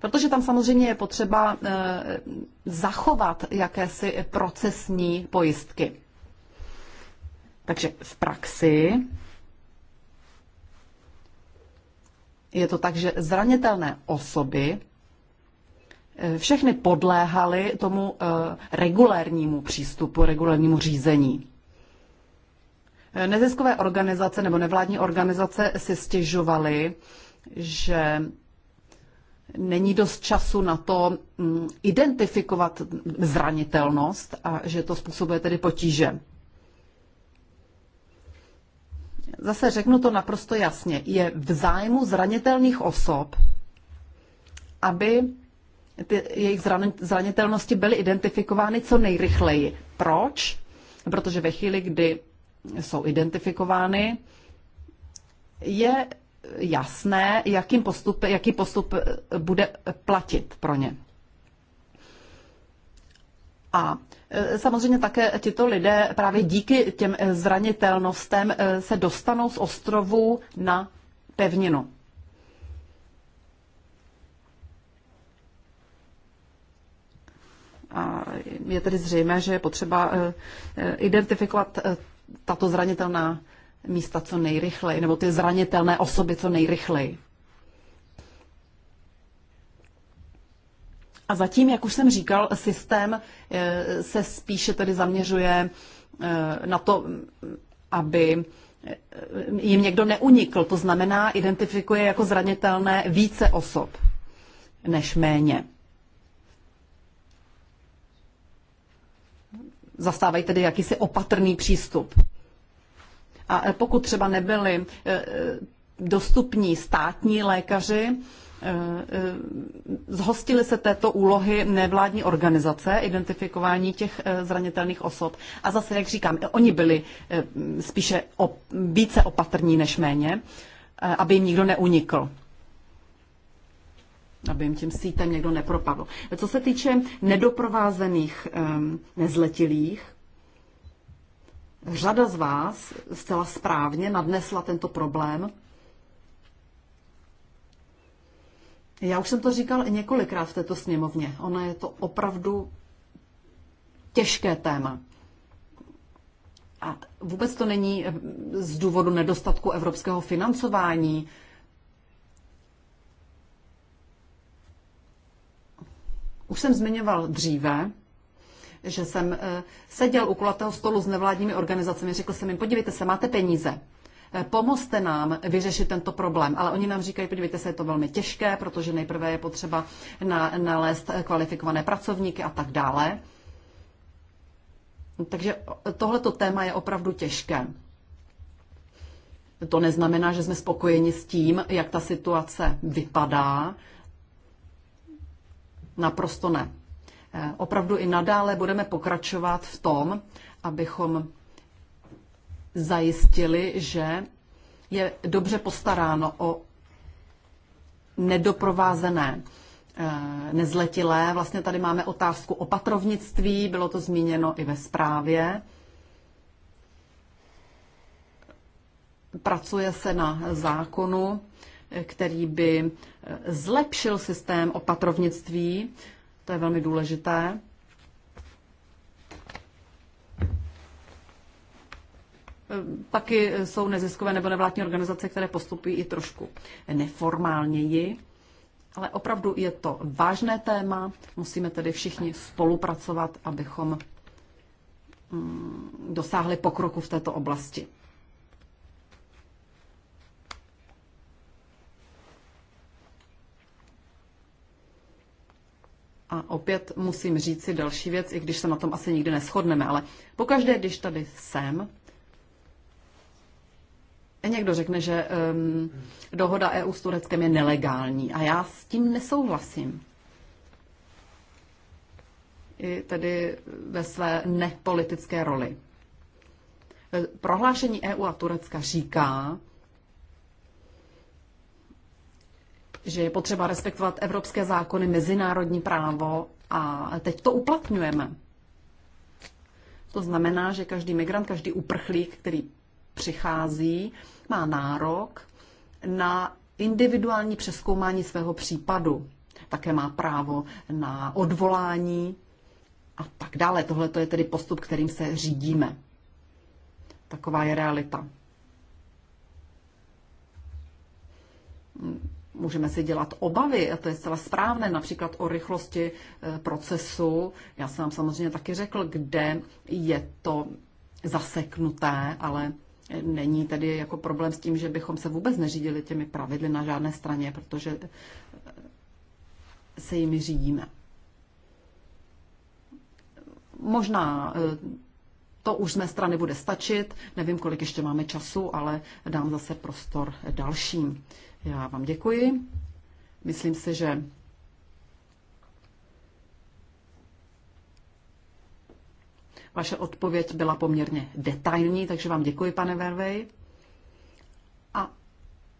protože tam samozřejmě je potřeba eh, zachovat jakési procesní pojistky. Takže v praxi je to tak, že zranitelné osoby eh, všechny podléhaly tomu eh, regulérnímu přístupu, regulérnímu řízení. Neziskové organizace nebo nevládní organizace si stěžovaly, že není dost času na to mm, identifikovat zranitelnost a že to způsobuje tedy potíže. Zase řeknu to naprosto jasně. Je v zájmu zranitelných osob, aby ty jejich zranitelnosti byly identifikovány co nejrychleji. Proč? Protože ve chvíli, kdy jsou identifikovány, je jasné, jakým postup, jaký postup eh, bude platit pro ně. A eh, samozřejmě také tito lidé právě díky těm eh, zranitelnostem se dostanou z ostrovů na pevninu. A je tedy zřejmé, že je potřeba identifikovat tato zranitelná místa co nejrychleji, nebo ty zranitelné osoby co nejrychleji. A zatím, jak už jsem říkal, systém eh, se spíše tedy zaměřuje eh, na to, aby eh, jim někdo neunikl. To znamená, identifikuje jako zranitelné více osob než méně. Zastávají tedy jakýsi opatrný přístup. A e, pokud třeba nebyli e, e, dostupní státní lékaři, zhostili se této úlohy nevládní organizace, identifikování těch zranitelných osob. A zase, jak říkám, oni byli spíše op, více opatrní než méně, aby jim nikdo neunikl aby jim tím sítem někdo nepropadl. Co se týče nedoprovázených nezletilých, Řada z vás zcela správně nadnesla tento problém. Já už jsem to říkal i několikrát v této sněmovně. Ono je to opravdu těžké téma. A vůbec to není z důvodu nedostatku evropského financování. Už jsem zmiňoval dříve, že jsem eh, seděl u kulatého stolu s nevládními organizacemi. Řekl jsem jim, podívejte se, máte peníze. Eh, pomozte nám vyřešit tento problém. Ale oni nám říkají, podívejte se, je to velmi těžké, protože nejprve je potřeba na, nalézt eh, kvalifikované pracovníky a tak dále. Takže tohleto téma je opravdu těžké. To neznamená, že jsme spokojeni s tím, jak ta situace vypadá. Naprosto ne. Eh, opravdu i nadále budeme pokračovat v tom, abychom zajistili, že je dobře postaráno o nedoprovázené eh, nezletilé. Vlastně tady máme otázku opatrovnictví, bylo to zmíněno i ve zprávě. Pracuje se na zákonu, který by eh, zlepšil systém opatrovnictví to je velmi důležité. Taky jsou neziskové nebo nevládní organizace, které postupují i trošku neformálněji. Ale opravdu je to vážné téma, musíme tedy všichni spolupracovat, abychom mm, dosáhli pokroku v této oblasti. A opět musím říct si další věc, i když se na tom asi nikdy neschodneme, ale pokaždé, když tady jsem, někdo řekne, že um, dohoda EU s Tureckem je nelegální a já s tím nesouhlasím. I tedy ve své nepolitické roli. E, prohlášení EU a Turecka říká, že je potřeba respektovat evropské zákony, mezinárodní právo a teď to uplatňujeme. To znamená, že každý migrant, každý uprchlík, který přichází, má nárok na individuální přeskoumání svého případu. Také má právo na odvolání a tak dále. Tohle je tedy postup, kterým se řídíme. Taková je realita můžeme si dělat obavy, a to je zcela správné, například o rychlosti eh, procesu. Já jsem vám samozřejmě taky řekl, kde je to zaseknuté, ale není tedy jako problém s tím, že bychom se vůbec neřídili těmi pravidly na žádné straně, protože eh, se jimi řídíme. Možná eh, to už z mé strany bude stačit, nevím, kolik ještě máme času, ale dám zase prostor dalším. Já vám děkuji. Myslím si, že vaše odpověď byla poměrně detailní, takže vám děkuji, pane Vervej.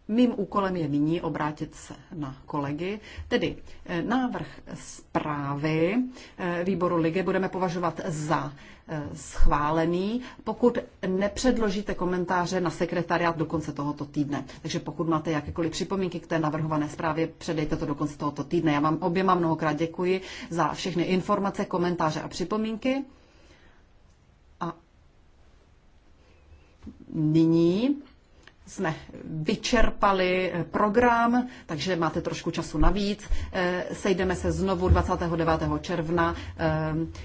Mým úkolem je nyní obrátit se na kolegy. Tedy eh, návrh zprávy eh, výboru Ligy budeme považovat za eh, schválený, pokud nepředložíte komentáře na sekretariát do konce tohoto týdne. Takže pokud máte jakékoliv připomínky k té navrhované zprávě, předejte to do konce tohoto týdne. Já vám oběma mnohokrát děkuji za všechny informace, komentáře a připomínky. A nyní jsme vyčerpali eh, program, takže máte trošku času navíc. Eh, sejdeme se znovu 29. června eh,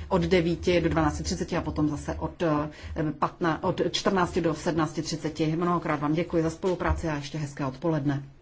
od 9 do 12.30 a potom zase od, 15, od 14 do 17.30. Mnohokrát vám děkuji za spolupráci a ještě hezké odpoledne.